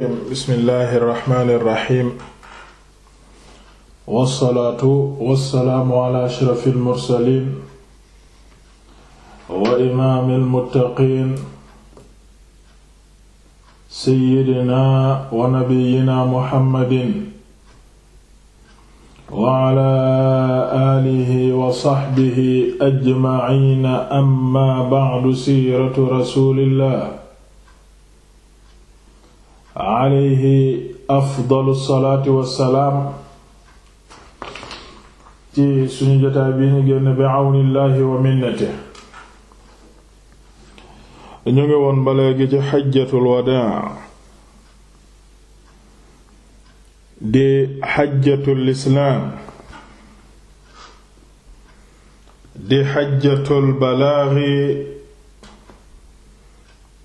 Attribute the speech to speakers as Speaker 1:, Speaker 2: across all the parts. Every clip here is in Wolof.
Speaker 1: bismillahi irrahmani irrahim wassalaatu wassalaamu ala ashrafi almursalin wa imaami almuttaqin seyidina wa nabiyina muhammadin wa ala alihi wa saxbihi ajmaciina amma bacdu siiratu rasulillah alayhi afdalu salaati wassalaam ci suñu jotaay bi ñu génn bi àwnillaahi wa minnati ñu ngi woon ba léegi ci xajjatul wadaa di xajjatul islaam di xajjatul balaagi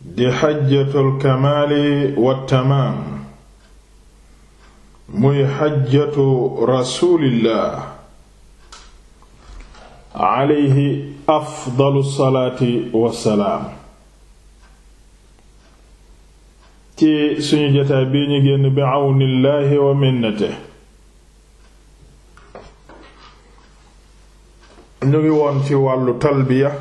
Speaker 1: di xajjatul kamaali wa tamaam muy xajjatu rasulillah i afdalu salaati wassalaam ci suñu jotaay bii ñu génn bi awnillahi wa minnate ñu ngi woon ci wàllu talbiya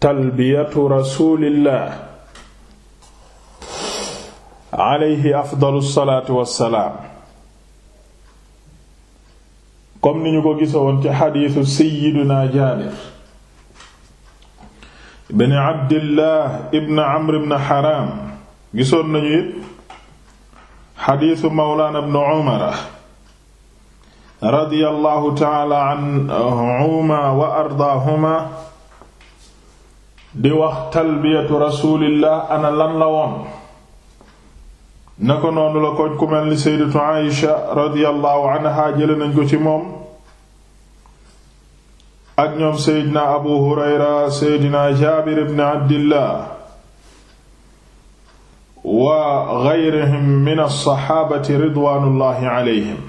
Speaker 1: talbiyatu rasulillah alayhi afdalu salaatu wassalaam comme ni ñu ko gisoon ci xadiisu sayyidina jaabir bni abdillah ibn amr ibn haram gisoon nañu it xadiisu mawlaana ibn umar radiyallahu ta'ala anhumaa wa ardaahuma di wax talbiyatu rasulillah ana lan la woon nako noonu la ko ku mel ni sayyidatu Aïsha radiyallahu anha jële nañ ko ci moom ak ñoom seydina abu hurayra seydina jaabir ibn abdillah wa gayrihim min alsaxaabati ridwaanullahi alayhim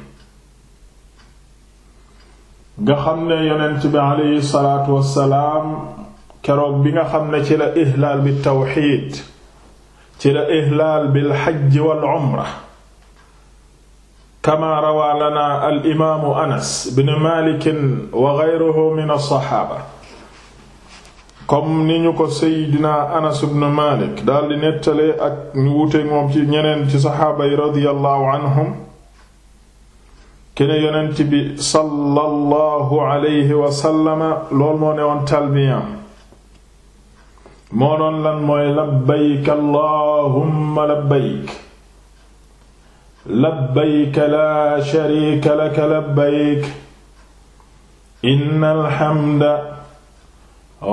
Speaker 1: nga xam ne yonent bi aleyhi salaatu wassalaam keroog bi nga xam ne ci la ihlaal bi tawxiid ci la ihlaal bil xajji wal umra kama rawaa lana anas bin maalik wa geyruhu min alsaxaaba comme ni ñu ko seydina anas bin maalik daldi nettalee ak ñu wuute moom ci ñeneen ci saxaaba yi radiyallahu anhum kene yonent bi sallallahu alayhi wa sallama lool moo ne woon talbiyam moo doon lan mooy labbayka allahumma labbayk labbayka laa sharika laka labbayk inna alhamda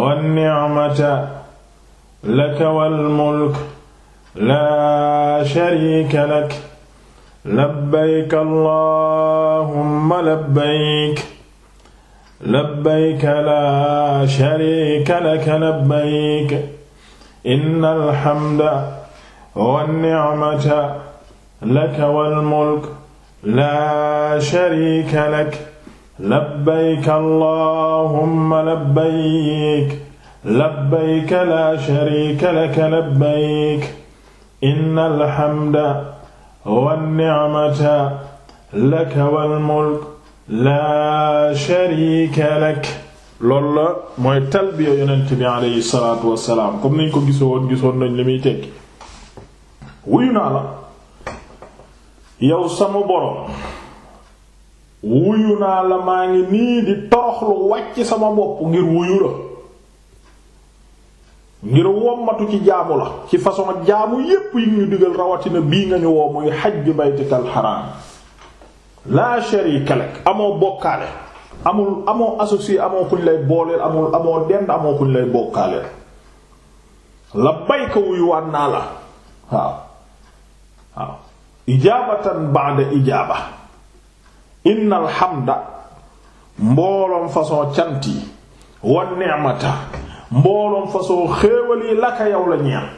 Speaker 1: wanni'mata laka wal mulk laa sharika lak labbayka allahumma labbayk labbayka laa shariika laka labbayka inna alhamda wannicmata laka walmulk laa shariika lak labbayka allahumma labbayk labbayka laa shariika laka labbayk inna alhamda wannicmata laka walmulk laa sharika lak lool la mooy talbiya yonent bi aleyhi salaatu wassalaam comme nañ ko gisoon gisoon nañ li muy tekki wuyu naa la yow sama boroom wuyu naa la maa ngi nii di toroxlu wàcc sama bopp ngir wuyu la ngir wommatu ci jaamu la ci façon jaamu yépp yi ñu digal rawatina bii nga ñu woo muy xajju baytikal xaraam la sharika lak amoo bokkaale amul amoo associé amoo kuñ lay booleel amul amoo dend amoo kuñ lay bokkaaleel labbayka wuyu waan naa la waaw waaw ijaabatan ba'da ijaaba innal hamda mbooloom façon cant yi wan ni'mata mbooloom façon xéewal yi laka yow la ñeel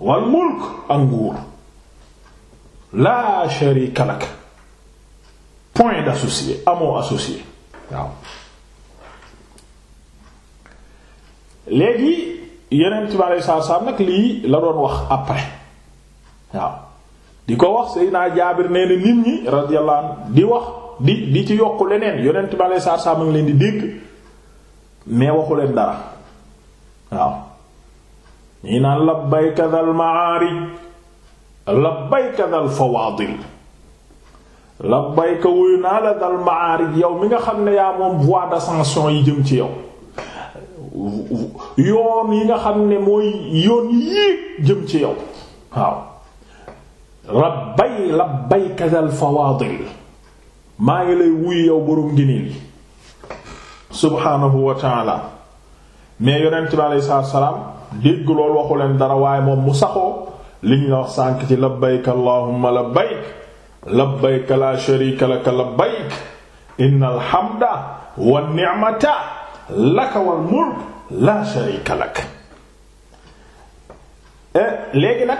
Speaker 1: wal mulk ak laa sharika point d'associé amoo associé waaw léegi yeneen ci bari saa saa nag lii la doon wax après waaw di ko wax Seydina Jaabir nee na nit ñi radiyallahu anhu di wax di di ci yokk leneen yeneen ci bari saa saa ngi leen di dégg mais waxu leen dara waaw ñii naan labbayka dal ma'aarij labbayka dal fawaadil labbayka wuyu naa la dal maarij yow mi nga xam ne yaa moom voie d'ascension yi jëm ci yaw yoon yi nga xam ne mooy yoon yii jëm ci yow waaw labbay labbayka dal fawaadil maa ngi lay wuyu yow boroom ngënéel yi subhaanahu wa taala mais yonent bi alayhi salaatu salaam dégg loolu waxu leen dara waaye moom mu saxoo li ñu la wax sànk ci labbayka allahumma labbayk labbayka laa sharika laka labbayk innal hamda wan ni'mata laka wal mulk laa sharika lak e, léegi nag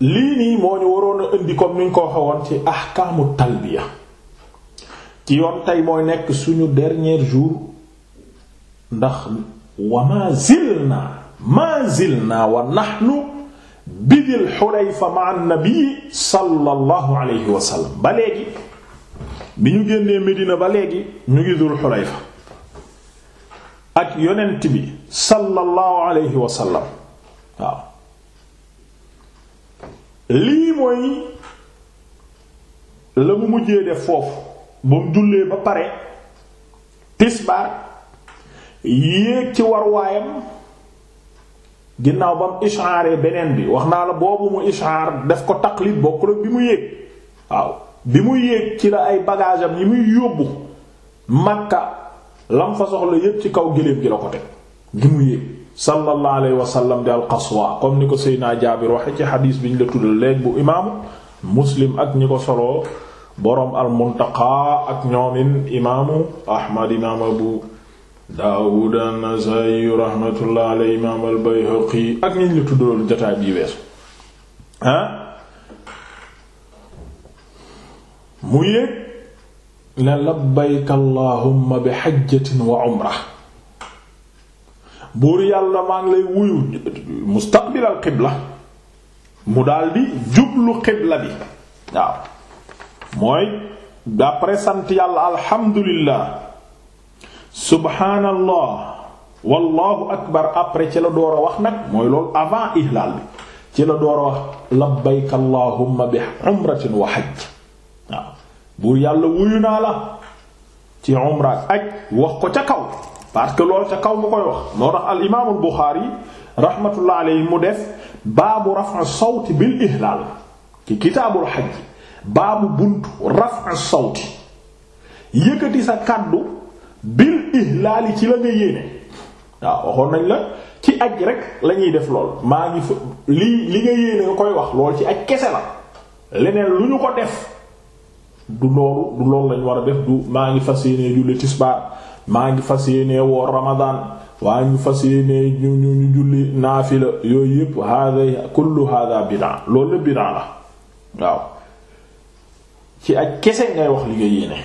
Speaker 1: lii nii moo ñu waroon a indi comme niñ ko waxee woon ci ahkaamu talbiya ci yoon tey mooy nekk suñu dernier jour ndax wa ma zilna ma zilna wa nahnu bidil xulayfa ma annabii sallallahu alayhi wa ba léegi bi ñu génnee Medina ba léegi ñu ngi dul xulayfa ak yonent bi sallallahu alayhi wa waaw lii mooy la mu mujjee def foofu ba mu jullee ba pare tisbaar yéeg ci war ginnaaw ba mu ishaaree beneen bi wax naa la boobu mu ishaar def ko taqlid bokkul ak bi mu yéeg waaw bi mu yéeg ci la ay bagage am yi muy yóbbu makka lam fa soxla yépp ci kaw géléem gi la ko teg gi mu yéeg sallallahu alayhi wa sallam di alqaswa comme ni ko Seydina Jaabir waxe ci xadiis bi ñu la tuddal léegi bu imaamu muslim ak ñi ko soloo boroom al muntaqa ak ñoomin imaamu ahmad imaam abu daawud an-nasaa'i rahmatullah alay imaam al-bayhaqi ak niñ la tuddool jotaay bi weesu ah mu yéeg la labbayka allahumma bi hajjatin wa umra buur yàlla maa ngi lay wuyu mustaqbilal qibla mu daldi jublu qibla bi waaw mooy d'après sant yàlla alhamdulillah subhaanallah wallahu akbar après ci la door a wax nag mooy loolu avant ihlaal bi ci la door a wax labbayka bi umratin wa hajj waaw buur yàlla wuyu naa la ci umra ak wax ko ca kaw parce que loolu ca kaw mu koy wax loo tax al imaam al buxaari mu def baabu raf'a sawti bil ihlaal ci kitaabul hajj baabu buntu raf'a sawti yëkkati sa kàddu bil ihlaali ci la nga yéene waaw waxoon nañ la ci aj rekk lañuy def lool maa ngi fa li li nga yéene koy wax lool ci aj kese la leneen lu ñu ko def du loolu du loolu lañ war a def du maa ngi fas yéenee julli tisbaar maa ngi fas yéenee woor Ramadan waa ngi fas yéenee ñu ñu ñu julli naafila yooyu yëpp hada kullu hada bid'a loolu la bid'a la waaw ci aj kese ngay wax li nga yéene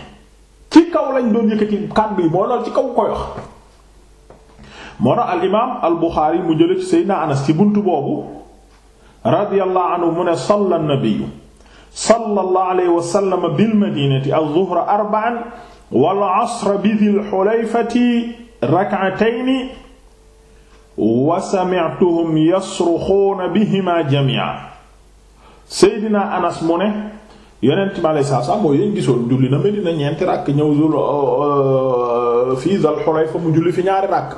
Speaker 1: ci kaw lañ doon yëkkati kàddu yi moo lool ci kaw koy wax moo tax al imaam al buxaari mu jële ci seydina anas ci bunt boobu radiyallahu anhu mu ne salla nabiyu sallallahu alayhi wa sallam bil madinati az-zuhra arba'an wal asra bi dhil hulayfati rak'atayn wa sami'tuhum yasrukhuuna bihimaa jamii'an seydina anas mu ne yonent mi alayhi salaam mooy yéen gisoon julli na Medina ñeenti rakk ñëw zul euh, euh, fii Zal Hulayfa mu julli fi ñaari rakk.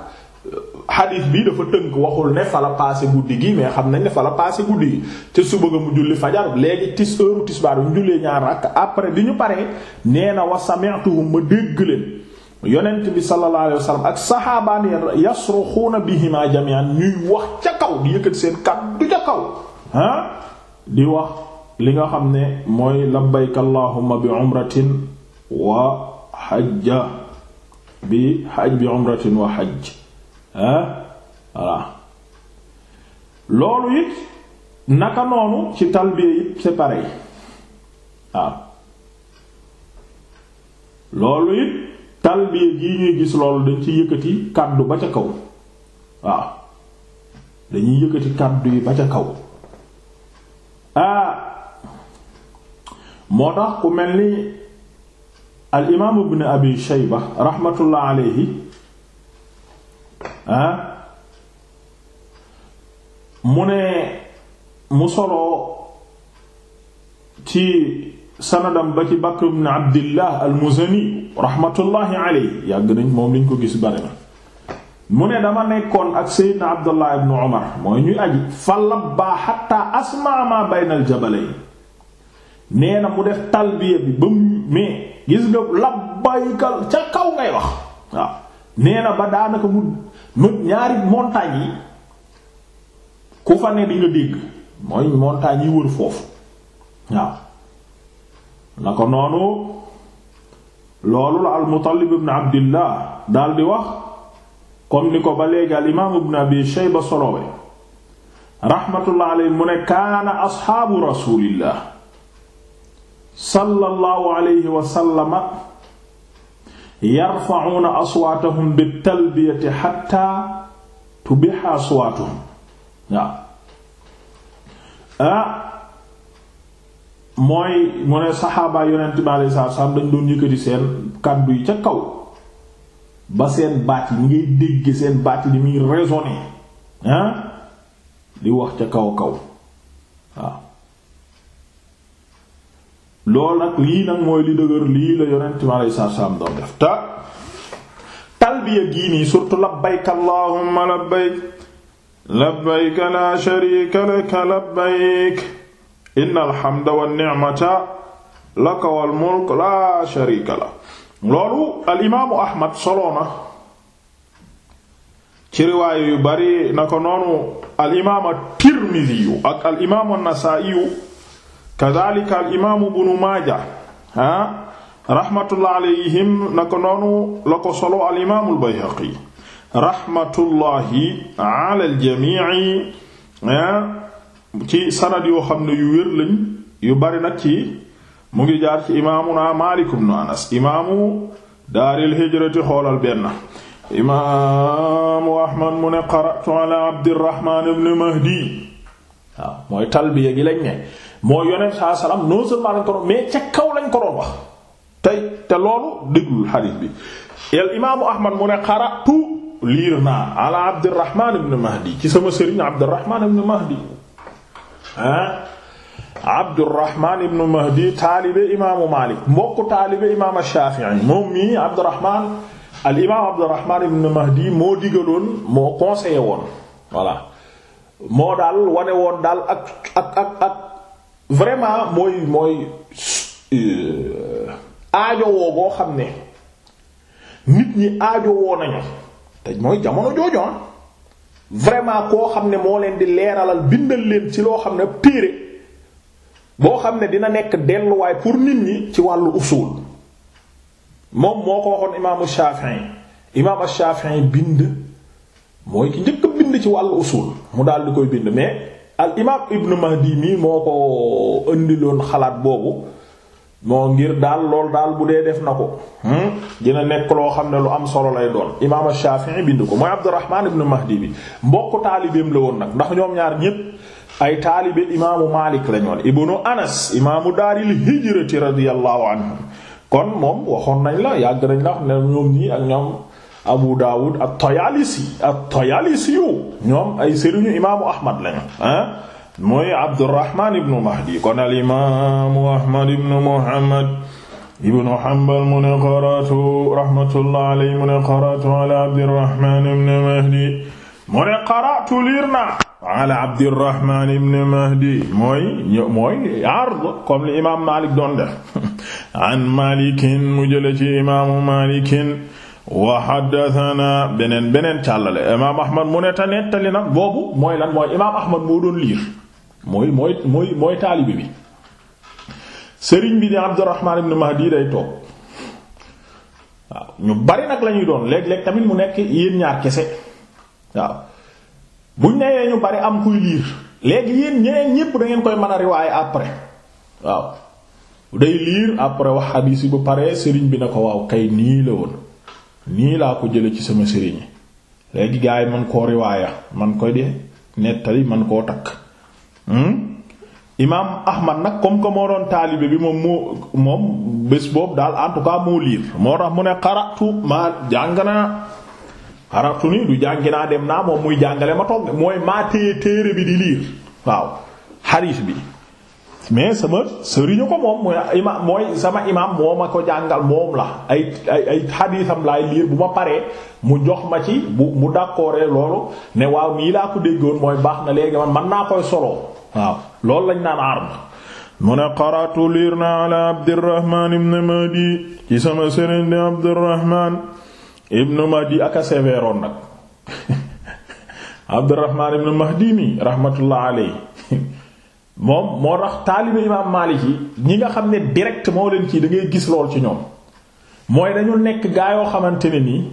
Speaker 1: xadiis bi dafa tënk waxul ne fa la passé guddi gi mais xam nañ ne fa la passé guddi gi te suba nga mu julli fajar léegi tis heure tisbaar bi ñaar rakk après bi ñu pare nee na wa sami'tuhum ma dégg leen yonent bi sallallahu alayhi wasallam ak saxaabaam yasruxuuna bihima jami'an ñuy wax ca kaw di yëkkat seen kàddu ca kaw ah di wax. li nga xam ne mooy labbayka allahumma bi umratin wa xajja bi xaj bi umratin wa xaj ah voilà loolu it naka noonu ci talbiya it c'est pareil waaw loolu it talbiya gii ñuy gis loolu dañ ci yëkkati kàddu ba ca kaw waaw dañuy yëkkati kàddu yi ba ca kaw moo tax ku mel ni al imaam ibn abi shayba raxmatullah alayhi ah mu ne mu soloo ci sanadam ba ci bakr ibn abdillah al muzani raxmatullahi alayhi yàgg nañ moom liñ ko gis bari mu ne dama nekkoon ak seydna abdullah ibn umar mooy ñuy aji fa labbaa xatta asmaa ma bayna al jabalayn nee na mu def talbiya bi ba mu mais gis nga labbaykal ca kaw ngay wax waaw nee na ba daanaka mu ñaari montagne yi ku fa ne di dégg mooy montagne yi wër foofu waaw na ko noonu loolu la al-Mutallib ibn Abdillah daal wax kon ni ko ba léegi al imaam ibn Abi Shayba solowee rahmatullah alayhi mu ne kaana asxaabu rasulillah sallallahu alayhi wa sallama yarfa'una aswaatahum bi talbiyati xatta tubiha aswaatuhum waaw ah, mooy mu ne saxaabaa yonent bi alayhi salaam dañ doon yëkkati seen kàddu yi ca kaw ba seen baat yi ngay dégg seen baat yi muy résonner ah di wax ca kaw kaw waaw loolu nag lii nag mooy li dëgër lii la yonent mi alayhi salaatu salaam doon ta talbiya gii nii surtout labbayk allahumma la sharika laka labbayk innal hamda wan ni'mata laka la sharika la loolu al imaamu ahmad soloo na ci riwaayu yu bari na ko noonu kadhalika al imaamu maaja ah rahmatullah alayhim noonu la solo al imaamu al ala al ci sanad yoo xam ne yu wér yu bari nag ci mu ngi jaar ci imaamuna Maalik ibnu Anas imaamu daaril hijrati xoolal benn imaamu Ahmad mu ne qara'tu ala Abdirrahmaan ibn Mahdi mooy talbiya gi lañ ne mooy yonent saa salaam non seulement lañ ko doon mais ca lañ ko doon wax tey te loolu déglul xadiis bi el imaamu ahmad mu ne xaratu liir naa ala abdirahman ibn mahdi ci sama sëriñ abdirahman ibn mahdi ah abdirahman ibn mahdi taalibe imaamu malik mbokk taalibe imaam shafii moom mii abdirahman al imaam abdirahman ibn mahdi moo digaloon moo conseillé woon voilà moo daal wane woon daal ak ak ak vraiment mooy mooy euh, aajowoo boo xam ne nit ñi aajowoo nañu te mooy jamono jooju ah. vraiment koo xam ne moo leen di leeralal bindal leen ci loo xam ne téere boo xam ne dina nekk delluwaay pour nit ñi ci wàllu usul moom moo ko waxoon imaamu Shafi'i imaamu Shafi'i bind mooy ki njëkk bind ci wàllu usul mu daal di koy bind mais. al imaam Ibn Mahdi mi moo ko indiloon xalaat boobu moo ngir daal lool daal bu dee def na ko hmm? dina nekk loo xam ne lu am solo lay doon imaam Shafi'i bind ko mooy Abdurrahman Ibn Mahdi bi mbokk taalibeem la woon nag ndax ñoom ñaar ñépp ay taalibe imaamu Malik lañu woon ibnu Anas imaamu daaril hijrati radiyallahu anhu kon moom waxoon nañ la yàgg nañ la wax ne ñoom ñii ak ñoom. Abu Dawud at-Tayalisi at-Tayalisi ñoom ay sëriñu imaamu Ahmad lañu ah mooy Abdurrahman ibn Mahdi kon al imaamu Ahmad ibn Muhammad ibn Hanbal mu ne qara'tu rahmatullah alayhi mu ne qara'tu ala Abdurrahman ibn Mahdi mu ne qara'tu liir naa ala Abdurrahman ibn Mahdi mooy mooy ard comme li imaam Malik doon def an Malikin mu jële ci imaamu Malikin wa haddathana beneen beneen càllale imaam ahmad mu ne te nettali na boobu mooy lan mooy imaam ahmad moo doon liir mooy mooy mooy mooy taalibi bi sëriñ bi di abdurrahman ibn mahdi day toog waaw ñu bari nag lañuy doon léegi léeg tamit mu nekk yéen ñaar kese waaw buñ nee ñu bari am kuy liir léegi yéen ñeneen ñépp da koy mën a riwaaye après waaw day liir après wax xadiis yi bu pare sëriñ bi na ko waaw kay nii la woon nii laa ko jële ci sama sëriñ léegi gaa man koo riwaaya man koy de nettali man koo takk hmm? imaam ahmad nag comme que moo doon taalibe bi moom moo moom bés boobu daal en tout cas moo liir moo tax mu ne xaratu maa jàng naa xaratu ni du jàngi naa dem naa moom muy jàngale ma toog mooy maa téye téere bi di liir waaw xaris bi mais sama sëriñu ko moom mooy ima mooy sama imam moo ma ko jàngal moom la ay ay ay xadiisam laay liir bu ma paree mu jox ma ci bu mu dàkkooree loolu ne waaw nii laa ko déggoon mooy baax na léegi man man naa koy soloo waaw loolu lañ naan arm mu ne qaratu liir na ala abdirahman ibn madi ci sama sëriñ di abdirahman ibn madi ak a sévéroon nag abdirahman ibn mahdi mi rahmatullah alayhi moom moo tax taalibe imaam Maalik yi ñi nga xam ne direct moo leen kii da ngay gis lool ci ñoom mooy dañu nekk gaa yoo xamante ne nii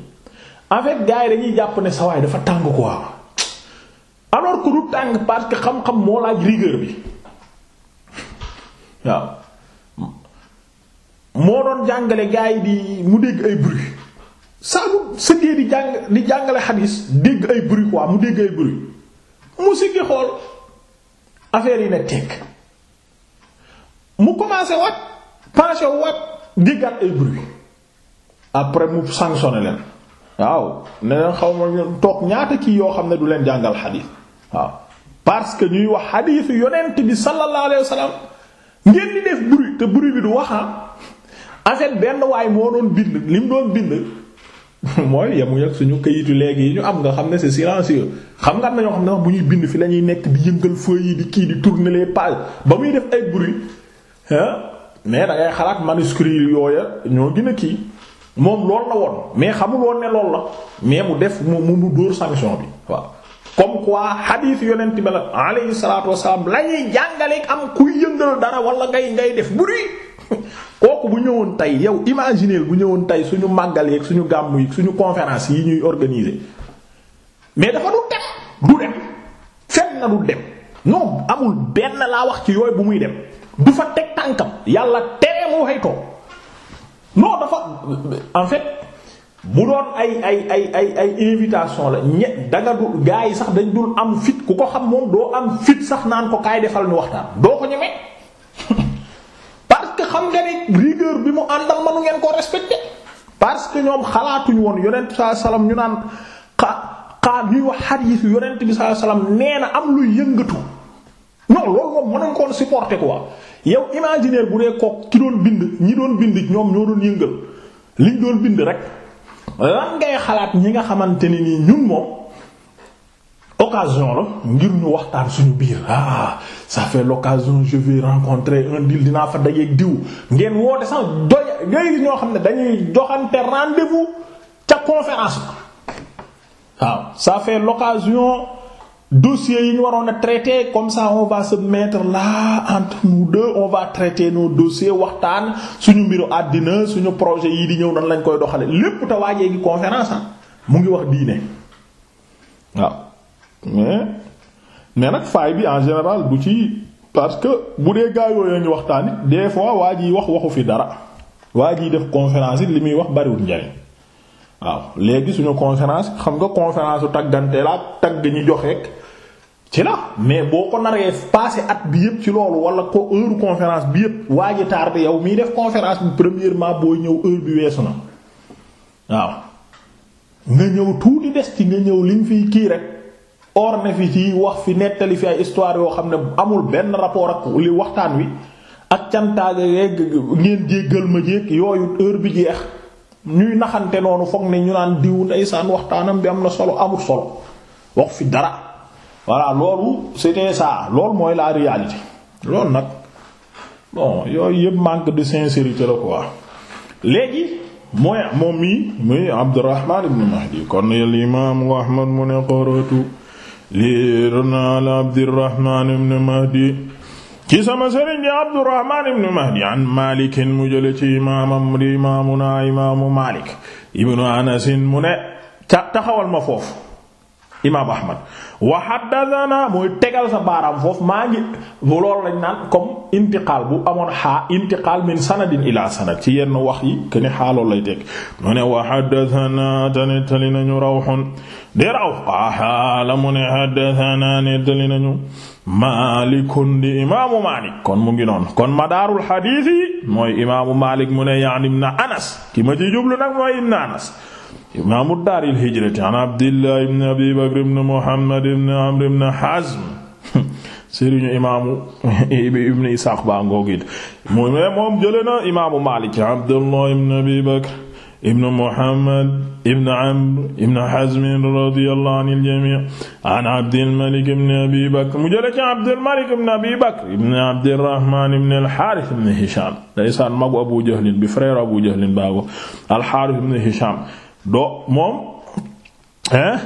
Speaker 1: en fait yi dañuy jàpp ne sawaay dafa tàng quoi alors que du tàng parce que xam-xam moo laaj rigueur bi waaw moo doon jàngale gaa yi di mu dégg ay bruit saa bu sëggee di jàng di jàngale xadiis dégg ay bruit quoi mu dégg ay bruit mu siggi xool. affaire yi ne tekk mu commencé wat penché wat diggat ay bruit après mu sanctionné leen waaw ne leen xaw ma ñu toog ñaata kii yoo xam ne du leen jàngal xadiis waaw parce que ñuy wax xadiisu yonent bi sallallahu alayhi ngeen di def bruit te bruit bi du wax ah. en benn waay moo doon bind li mu doon bind mooy yemuñu ak suñu këyitu léegi yi ñu am nga xam ne c'est silencieux xam nga am na ñoo xam ne wax bu ñuy bind fi la ñuy nekk di yëngal feuilles yi di kii di tourner les pages ba muy def ay bruit mais da xalaat manuscrits yooya ñoo gën a kii moom loolu la woon mais xamul woon ne loolu la mais mu def mu mu dóor sanction bi waaw. comme quoi hadith yonent bi la alayhi salaatu wasalaam la ñuy am kuy yëngal dara wala ngay ngay def bruit. kooku bu ñëwoon tey yow imaginer bu ñëwoon tey suñu màggal yeeg suñu gàmmu yi suñu conférence yi ñuy organiser mais dafa du dem du dem fenn na du dem non amul benn laa wax ci yooyu bu muy dem du fa teg tànkam yàlla tere mu waxee toog dafa en fait bu doon ay ay ay ay ay invitation la ñe danga dul gaa yi sax dañ dul am fit ku ko xam moom doo am fit sax naan ko kaay defal ñu waxtaan doo ko ñemee. xam nga ne rigueur bi mu àndal manu ngeen koo respecté parce que ñoom xalaatuñu woon yonent bi sallallahu alayhi ñu naan xa xaa ñuy wax xadiis yonent bi sallallahu alayhi wasallam nee na am luy yëngatu non loolu moom mënuñ koon supporter quoi yow imaginaire bu dee kook ci doon bind ñi doon bind ñoom ñoo doon yëngal liñ doon bind rek lan ngay xalaat ñi nga xamante ni nii ñun moom. occasion la ngir ñu waxtaan suñu biir ah ça fait l'occasion je vais rencontrer un deal dinaa fa dajeeg diw ngeen woote sax doy ngay ñoo xam ne dañuy joxante rendez-vous ca conférence ba waaw ça fait l'occasion dossiers yi ñu waroon a traité comme ça on va se mettre là entre nous deux on va traiter nos dossiers waxtaan suñu mbiru àddina suñu projet yi di ñëw nan lañ koy doxale lépp te waajee gi conférence ah mu ngi wax diine waaw mais mais nag faay bi en général bu ci parce que bu dee gaa yooyu ñu waxtaan it des fois waa ji wax waxu fi dara waa ji def conférence it li muy wax bariwul njariñ waaw léegi suñu conférence xam nga conférence u taggante la tagg ñu joxeek rek ci la mais boo ko naree passé at bi yëpp ci loolu wala ko conférence bi yëpp waa ji tardé yow miy def conférence bi premièrement booy ñëw heure bi weesu na waaw nga ñëw tuuti des ci nga ñëw liñ fiy kii rek or na fi ci wax fi nettali fi ay histoire yoo xam ne amul benn rapport ak li waxtaan wi ak cantaage yeeg ngeen jéggal ma jéeg yooyu heure bi jeex ñuy naxante noonu foog ne ñu naan diw ndeysaan waxtaanam bi am na solo amul solo wax fi dara voilà loolu c'était ça loolu mooy la réalité loolu nag bon yooyu yëpp manque de sincérité la quoi léegi mooy moom mii muy Abdurrahman ibn Mahdi kon al imam Ahmad mu ne qaratu liiron ala abdirahman ibn mahdi ci sama sëriñ bi abdirahman ibn mahdi an malikin mu jële ci imaamam di imaamuna imaamu malik ibnu anasin mu ne ca taxawal ma foofu imaam ahmad wa haddathana mooy tegal sa baaraam foofu maa ngi loolu lañ naan comme intiqaal bu amoon xaa intiqaal min sanadin ila sanad ci yenn wax yi que ni xaa loolu lay teg mu ne wa haddathana te nettali nañu rawxun di rawx qaala mu ne haddathana nettali nañu maalikun di imaamu maalik kon mu ngi ma kon madaarul xadiis yi mooy imaamu maalik mu ne yaani ibn anas ki ma ci jublu nag mooy ibn anas imaamu daaril hijrati an abdillah ibn abi bakr ibn muhammad ibn amr ibn hazm sëriñu imaamu ibn isaaq baa ngoogit mu ne moom jële na imaamu maalik abdullah ibn abi bakr ibn muhammad ibn amr ibn hazm radiyallahu anil jamii an abdil malik ibn abi bakr mu jële ci abdil malik ibn abi bakr ibn abdirrahman ibn al-harith ibn hisham ndeysaan magu abu jahlin bi frère abu jahlin baago al-harith ibn hisham do moom hein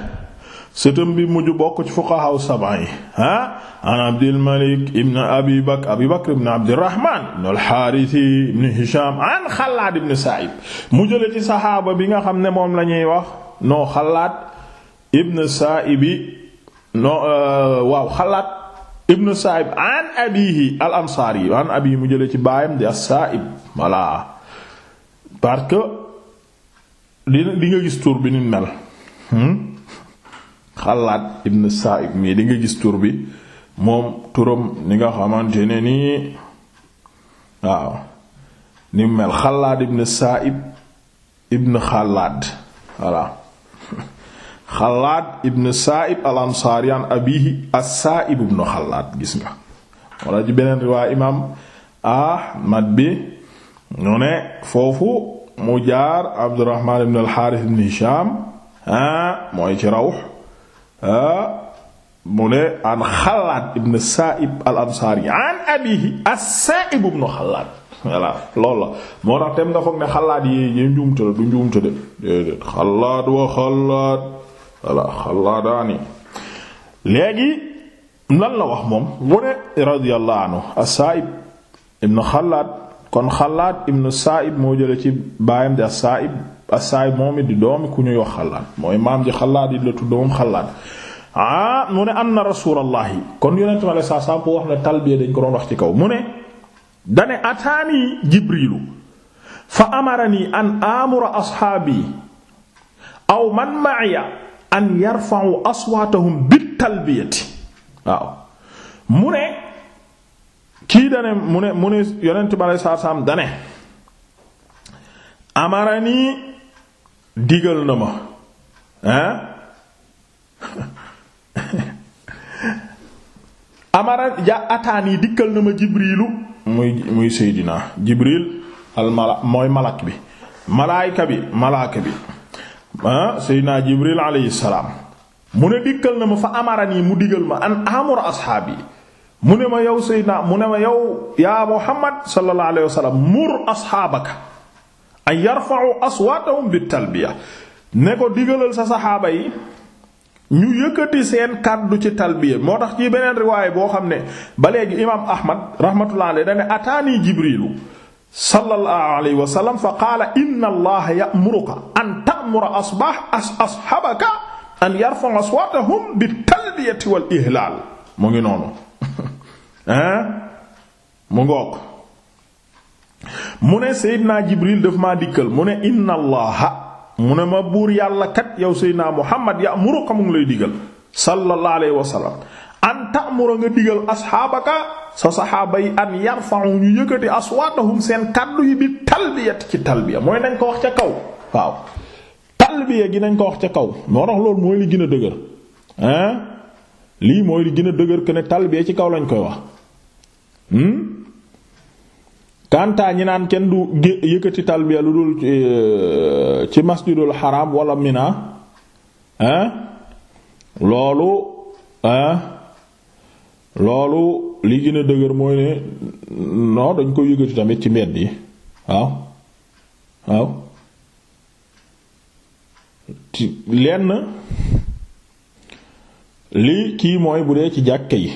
Speaker 1: sëtëm bi mujj bokk ci fuqaha sab'a yi ah an Abdul Malik ibn Abi Bakr Abi Bakr ibn ibn al ibn Hisham an Xallaad ibn Sa'ib mu jële ci saxaaba bi nga xam ne moom lañuy wax noo xalaat ibn Sa'ib noo euh, waaw Xallaad ibn Sa'ib an abiihi al-Ansaari an abiihi mu jële ci baayam di as-Sa'ib voilà parce li li nga gis tuur bi ni mel hmm? xalaat ibn Sa'ib mii di nga gis tuur bi moom turam ni nga xamante ne nii waaw ni mel xalaat ibn Sa'ib ibn xalaat voilà xalaat ibn Sa'ib al-Ansari an abihi as-Sa'ib ibn xalaat gis nga wala ci beneen riwaay imaam Ahmad bi ñu ne foofu mu jaar Abdurrahman ibn al-Harith ibn Hisham mooy ci Rawh mu ne an Xallaad ibn Saa'ib al an abiihi as-Saa'ib ibn Xallaad voilà loolu moo tax tem nga foog ne Xallaad yi yi njuumte la du njuumte de déedéet wa Xallaad voilà Xallaadaani léegi lan la wax moom mu ne radiyallahu anhu as-Saa'ib ibn Xallaad kon xalaat ibnu saaib moo jële ci baayam de as-saaib as-saaib moom it di doomi ku ñuy wax xalaat mooy maam ji xalaat yi la tudd moom xalaat ah mu ne anna rasulallahi kon yonent ma la saa saa boo wax ne talbiya dañ ko doon wax ci kaw mu ne dane ataani jibrilu fa amarani an amura ashaabi aw man ma'iya an yarfa'u aswaatahum bit talbiyati waaw mu ne kii dane mu ne mu ne yonent ba lay saar-saam dane amarani digal na ma hein amara ja yi dikkal na ma jibriilu muy muy seydinaa jibril al mala mooy malak bi malaayka bi malaaka bi hein seydinaa jibril alayhissalaam mu ne dikkal na ma fa amarani mu digal ma an amura asxaab yi mu ne ma yow Seydina mu ne ma yow yaa Muhammad sallallahu alayhi wa sallam mur asxaabaka an yarfa'u aswaatahum bit talbiya ne ko digalal sa saxaaba yi ñu yëkkati seen kàddu ci talbiya moo tax ci beneen riwaay boo xam ne ba léegi imaam Ahmad rahmatullahi alayhi dane ataani Jibriilu sallallahu alayhi wa fa qaala inna allaha ya'muruka an ta'mura asbah asxaabaka an yarfa'u aswaatahum bit talbiyati wal ihlaal mu ngi noonu mu ngoog mu ne Seydina Jibril daf maa dikkal mu ne inna mu ne ma buur yàlla kat yow Seydina Muhammad ya'muruka mu ngi lay digal sallallahu alayhi wa sallam an ta'muru nga digal asxaabaka sa saxaaba yi an yarfa'u ñu yëkkati aswaatahum seen kàddu yi bi talbiyat ci talbiya mooy nañ ko wax ca kaw waaw talbiya gi nañ ko wax ca kaw moo tax loolu mooy li gën a dëgër hein lii mooy li gën a dëgër que ne talbiya ci kaw lañ koy wax Hmm? kantaa ñi naan kenn du yëkkati talbiya lu dul eh, ci masjidul haram wala mina hein loolu hein loolu li gën a dëgër mooy ne non dañ ko yëkkati tamit ci mbedd yi waaw waaw ci lenn li kii mooy bu dee ci jàkke yi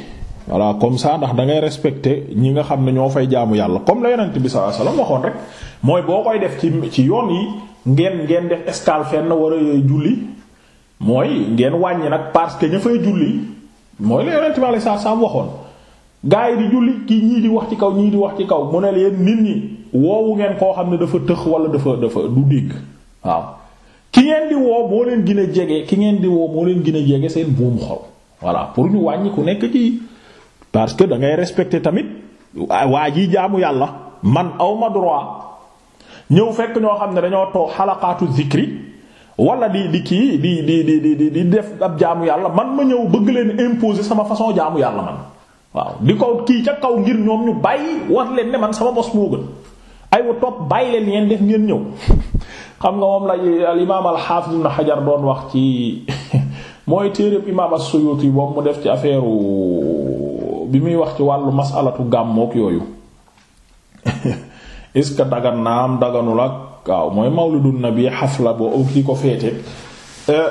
Speaker 1: voilà comme ça ndax dangay ngay ñi nga xam ne ñoo fay jaamu yàlla comme la yonent bi sallallahu alayhi wasallam waxoon rek mooy boo koy def ci ci yoon yi ngeen ngeen def escale fenn war a julli mooy ngeen wàññi nag parce que ña fay julli mooy la yonent bi sallallahu alayhi wasallam waxoon gaa yi di julli kii ñii di wax ci kaw ñii di wax ci kaw mu ne leen nit ñi woowu ngeen koo xam ne dafa tëx wala dafa dafa du dégg waaw ki ngeen di woo moo leen gën a jege ki ngeen di woo moo leen gën a jege seen buum parce que da ngay respecter tamit waa ji jaamu yàlla man aw ma droit ñëw fekk ñoo xam ne dañoo toog xalaqaatu zikri wala di di kii di di di di def ab jaamu yàlla man ma ñëw bëgg leen imposer sama façon jaamu yàlla man waaw di ko kii ca kaw ngir ñoom ñu bàyyi wax leen ne man sama bos moo gën ay wa topp bàyyi leen yeen def ngeen ñëw xam nga moom la al imaam al xajar doon wax ci mooy téereeb imaam as-Suyuti boobu mu def ci affaire bi muy wax ci wàllu masalatu gàmmook yooyu est-ce que dagan naam daganul ak waaw mooy mawlidun nabi xafla boo ki ko féete euh,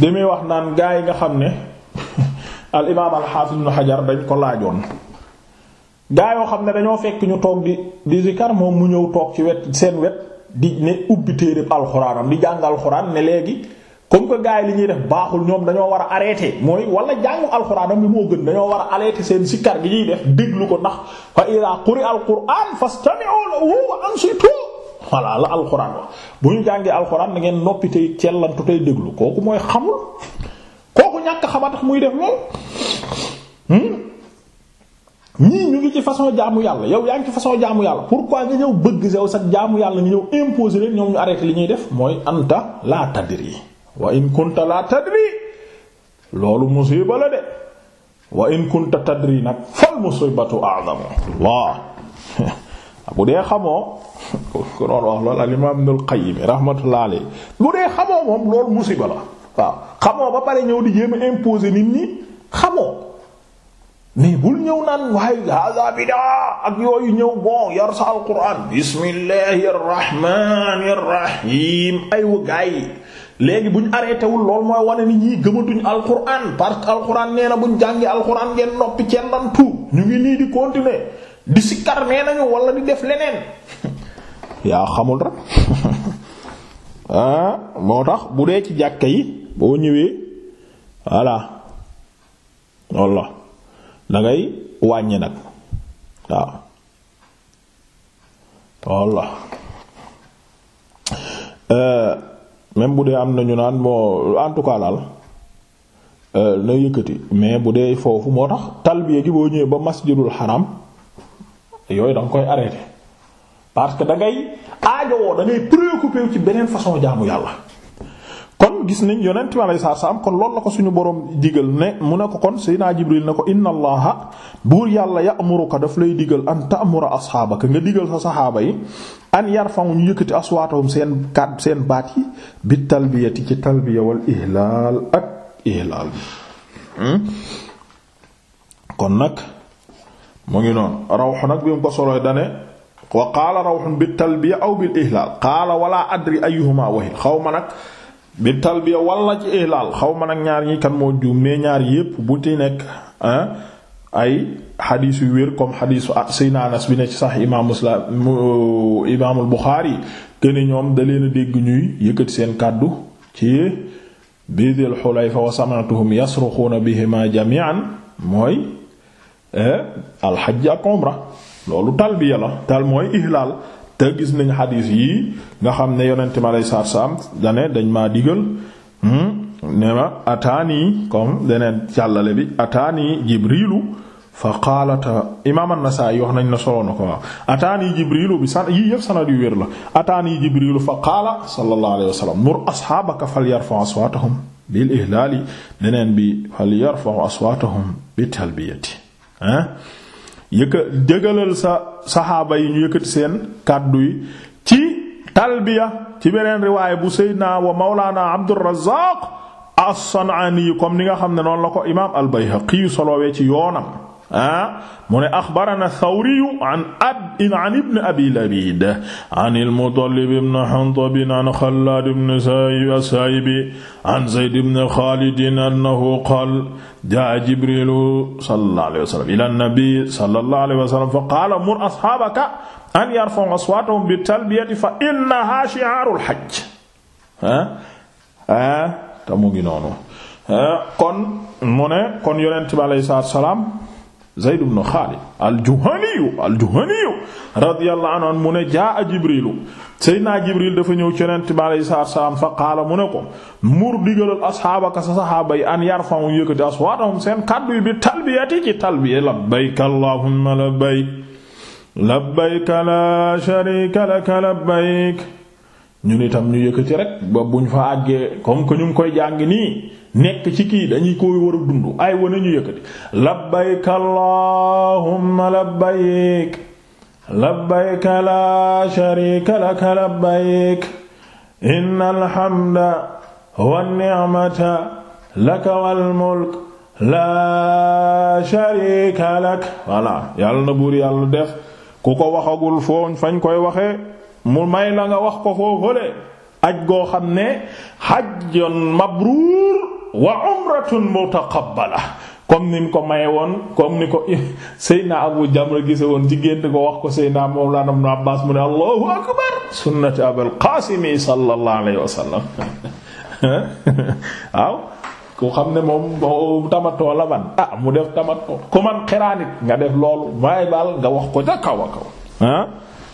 Speaker 1: bi muy wax naan gaa yi nga xam ne al imaam xaafis ibnu xajar dañ ko laajoon gaa yoo xam ne dañoo fekk ñu toog di di zikar moom mu ñëw toog ci wet seen wet di ne ubbi téereeb alxuraanam di jàng alxuraan ne léegi comme ko gars li ñuy def baaxul ñoom dañoo war a arrêté mooy wala jàngu alxuraanam bi moo gën dañoo war a arrêté seen sikkar gi ñuy def déglu ko ndax fa a quri alquran fastami'u lahu wa ansitu voilà la alxuraan wax bu ñu jàngee alxuraan da ngeen noppi tey cellantu tey déglu kooku mooy xamul kooku ñàkk xama tax muy def loolu hmm? ñii ñu ngi ci façon jaamu yàlla yow yaa ngi ci façon jaamu yàlla pourquoi nga ñëw bëgg sew sax jaamu yàlla nga ñëw imposer leen ñoom ñu arrêté ñuy def mooy anta la tadri wa in kunta laa tadri loolu musiba la de wa in kunta tadri nag fal musibatu Allah bu dee xamoo ku doon wax loolu al imaam Ibnul Qayyim rahmatullahi alayhi bu dee xamoo moom loolu musiba la ba pare ñëw di jéem a imposer nit ñi xamoo mais bul ñëw naan waaye hada bidaa ak yooyu ñëw bon yar sa alquran bismillahir rahmanir rahim aywa gaay léegi bu ñu arrêté wul lool mooy wane ni ñii gëmatuñ alquran parce que alquran nee na bu ñu jàngi alquran ngeen noppi ceen dan ñu ngi nii di continuer di sikkar nee nañu wala di def leneen. yaa xamul rek ah, moo tax bu dee ci jàkka yi boo ñëwee voilà walla da wàññi nag waaw walla. même bu dee am na ñu naan moo en tout cas daal euh, na yëkkati mais bu dee foofu moo tax talbiya gi boo ñëwee ba masjidul xaram yooyu da nga koy arrêté parce que da ngay woo da ngay préoccupé ci beneen façon jaamu yàlla. kon gis nañ yonent bi sa salaam kon lool la ko suñu borom digal ne mu ne ko kon Seydina Jibril ne ko inna allaha buur yàlla ya'muruka daf lay digal an ta'mura asxaabaka nga digal sa saxaaba yi an yarfa'u ñu yëkkati aswaatahum seen kat seen baat yi bi talbiyati ci talbiya wal ihlaal ak ihlaal hmm? kon nag mu ngi noonu rawx nag bi mu ko solooy dane wa qaala rawxun bi talbiya aw bil ihlaal qaala wala adri ayyuhuma wahil xaw ma nag bi talbiya walla ci ihlaal xaw ma nag ñaar ñi kan moo juum ñaar yépp bu ci nekk ah, ay xadiis yu wér comme xadiisu ah, Anas bi ne ci sax imaam Muslim imaamul Buxaari këni ñoom da leen dégg ñuy yëkkati seen kàddu ci bi Dul Xulayfa wa sami'tuhum yasruxuuna bihimaa jamii'an mooy eh, alxaj ak umra loolu talbiya la tal mooy ihlaal te gis nañ xadiis yii nga xam ne yonent ma lay saar saam dane dañ maa digal hmm, ne ma ataani comme deneen jàllale bi ataani jibrilu fa qaalata imaam an-Nasaa'i wax nañ na solo na ko waaw ataani jibrilu bi san yii yëpp sanad yu wér la ataani jibrilu fa qaala sallallahu alayhi wa sallam mur ashaabaka falyarfa'u aswaatahum bil ihlaali deneen bi falyarfa'u aswaatahum bi talbiyati ah. yëkka jégalal sa saxaaba yi ñu yëkkati seen kàddu yi ci talbiya ci beneen riwaay bu seydna wa mawlaana abdurrazaaq as-sanaani comme li nga xam ne noonu la ko imaam al-Bayhaqi solowee ci yoonam ah mu ne axbarana Thawri an ab an ibn Abi Labid an al-Mutallib ibn Hantab an Xallaad ibn Saa'ib an Zayd ibn Xaalid annahu qaala jaa'a Jibriil sallallahu alayhi wa sallam ilaa an-nabi sallallahu alayhi wa sallam fa qaala mur ashaabaka an yarfa'u aswaatahum bit-talbiyati fa innahaa shi'aaru al-hajj ah, ah tamu ngi noonu ah, kon mu ne kon yonent bi alayhi salaam Zayd ibn Khalid al-Juhani al-Juhani radiyallahu anhu mu ne jaa Jibrilu Seydina Jibril dafa ñëw ci Yonent bi alayhi salaatu wa salaam fa qaala mu ne ko mur digalal ashaabaka sa saxaaba yi an yarfa'u yëkkati aswaatahum seen kàddu yi bi talbiyati ci talbiya labbayka allahumma labbayk labbayka laa shariika laka labbayk ñun itam ñu yëkkati rek ba buñ fa àggee comme que ñu koy jàng nii nekk ci kii dañuy koy war dund ay wane ñu yëkkati labbayk allahumma labbayk labbayk la sharika laka labbayk innal hamda wan ni'mata laka wal mulk la sharika lak voilà yàlla na buur yàlla def ku ko waxagul fooñ fañ koy waxe mu may la nga wax ko foofale aj goo xam ne hajjun mabruur wa umratun mutaqabbala comme ni mu ko maye woon comme ni ko Seydina Abu Jamra gise woon ci gént ko wax ko Seydina Mawlana Ibn Abbas mu ne allahu akbar sunnati Abul Qaasimi sallallahu alayhi wa waaw ku xam ne moom tamatoo la ban ah mu def tamatoo ku man xiraanit nga def loolu may baal nga wax ko ca kaw a kaw ah?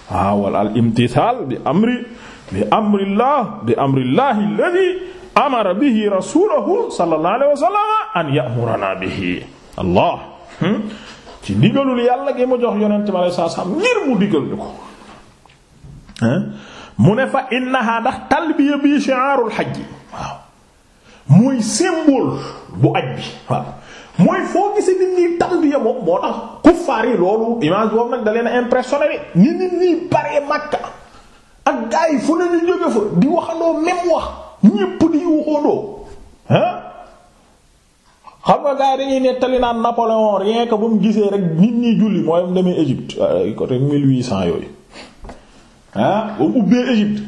Speaker 1: waawal ah, al imtithal bi amri bi amrillah bi amrillahi alladhi amara bihi rasulahu sallallahu alayhi wa sallam an ya'murana bihi allah hmm? ci digalul yàlla gi mu jox yonente mi alayhi salaam ngir mu digal ñu ko hmm? mu ne fa innaha ndax talbiya bi shi'arul hajj waaw mooy symbole bu aj bi waaw mooy foo gise nit ñi tarbiya moom moo tax kuffaar yi loolu image boobu nag da leen a impressionné bi ni nit ñi baree Makka ak gaa yi fu ne ñu jóge fa di waxandoo même wax ñépp di waxandoo ah xam nga gaa yi dañuy nettali naan Napoléon rien que ba mu gisee rek nit ñi julli mooy mu demee Égypte côté 1800 yooyu ah ba mu ubbee Égypte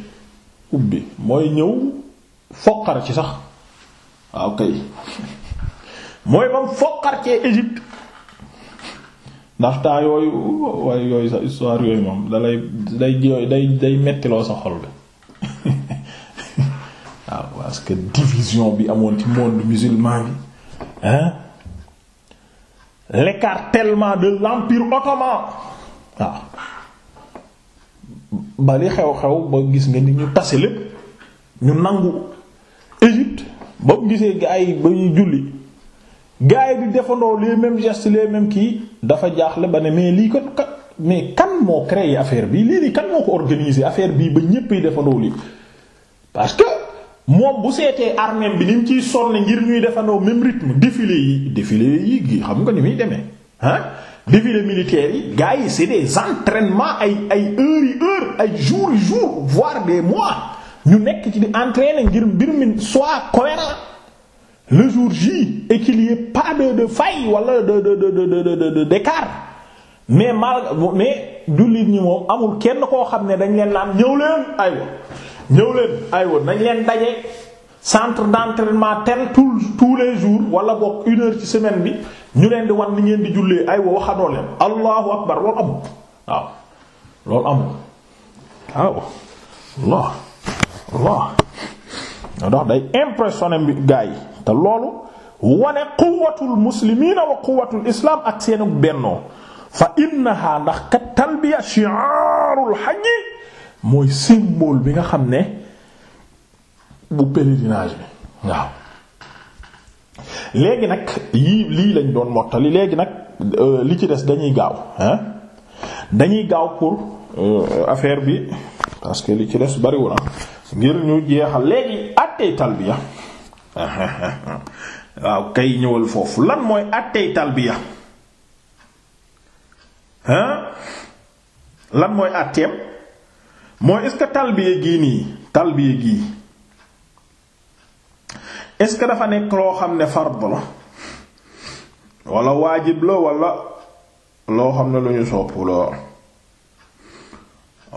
Speaker 1: ubbi mooy ñëw foqar ci sax waaw mooy bam foqar ci Égypte ndax yooyu waaye yooyu sa histoire yooyu moom dalay day jooy day day mettiloo sa xol bi waaw parce division bi amoon ci monde musulman bi hein l'écartèlement de l'empire ottoman waaw ba xew-xew ba gis nga ni ñu tase lépp ñu nangu Égypte ba gisee gaa ba ñuy julli gaa yi di defandoo les mêmes gestes les mêmes kii dafa jaaxle ba ne mais lii ko kat mais kan moo créé affaire bi lii nii kan moo ko organisé affaire bi ba ñépp ay defandoo lii parce que moom bu seetee armée bi ni mu ciy sonn ngir ñuy defandoo même rythme défilé yi défilé yi xam nga ni muy demee ah défilé militaire yi gars yi c'est des entraînements ay ay heures yi heures ay jours jours voire des mois ñu nekk ci di entraîner ngir mbir mi soit cohérent le jours J et qu'il n'y ait pas de de faille wala de de de de de mais mal mais jullit ñi moom amul kenn koo xam ne dañ leen naan ñëw leen aywa ñëw leen aywa nañ leen daje centre d'entraînement tel tous tous les jours wala boog une ci semaine bi ñu leen di wan ni ngeen di jullee ay waxandoo leen allahu akbar loolu amul waaw loolu amul waaw Allah Allah ndax day impressionné bi te loolu wane quwwatul muslimiina wa quwwatul islam ak seenu bennoo fa innaha ndax kat talbiya shi'aarul hajji mooy symbole bi nga xam ne bu pèlerinage bi waaw léegi nag yii lii lañ doon mottali léegi nag euh, li ci des dañuy gaaw dañuy gaaw pour euh, affaire bi parce que li ci des bariwul na ngir ñu jeexal léegi àttee talbiya waaw kay ñëwal foofu lan mooy àttey talbiya lan mooy àtteem mooy est talbiya gii nii talbiya gii est-ce que dafa nekk loo xam ne fard la wala waajib la wala loo xam ne lu ñu sopp la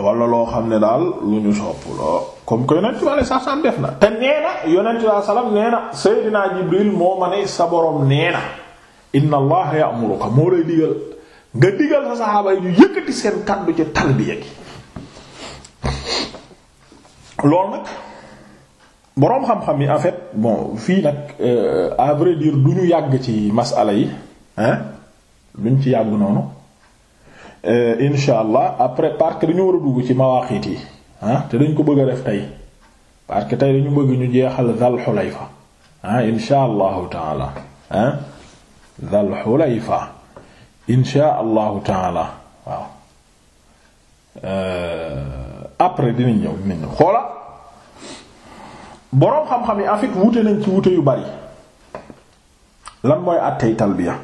Speaker 1: wala loo xam ne daal lu ñu sopp la comme que yonent bi alayhi salaam def na te nee na yonent bi alayhi salaam nee na Jibril moo ma ne sa borom nee na inna allaha ya'muruka moo lay digal nga digal sa saxaaba yi ñu yëkkati seen kàddu ci talbiya gi loolu nag boroom xam-xam yi en fait bon fii nag euh, à vrai dire du ñu yàgg ci masala yi hein duñ ci yàgg noonu euh, insha allah après parce que dañu war a dugg ci mawaaqiit yi ah te dañ ko bëgg a def tey parce que tey dañu bëgg ñu jeexal Zal Xulayfa ah insha allahu taala ah Zal euh, après dinañ ñëw dinañ ñëw xoola boroom xam-xam yi en wute nañ ci wute yu bari lan mooy àttey talbiya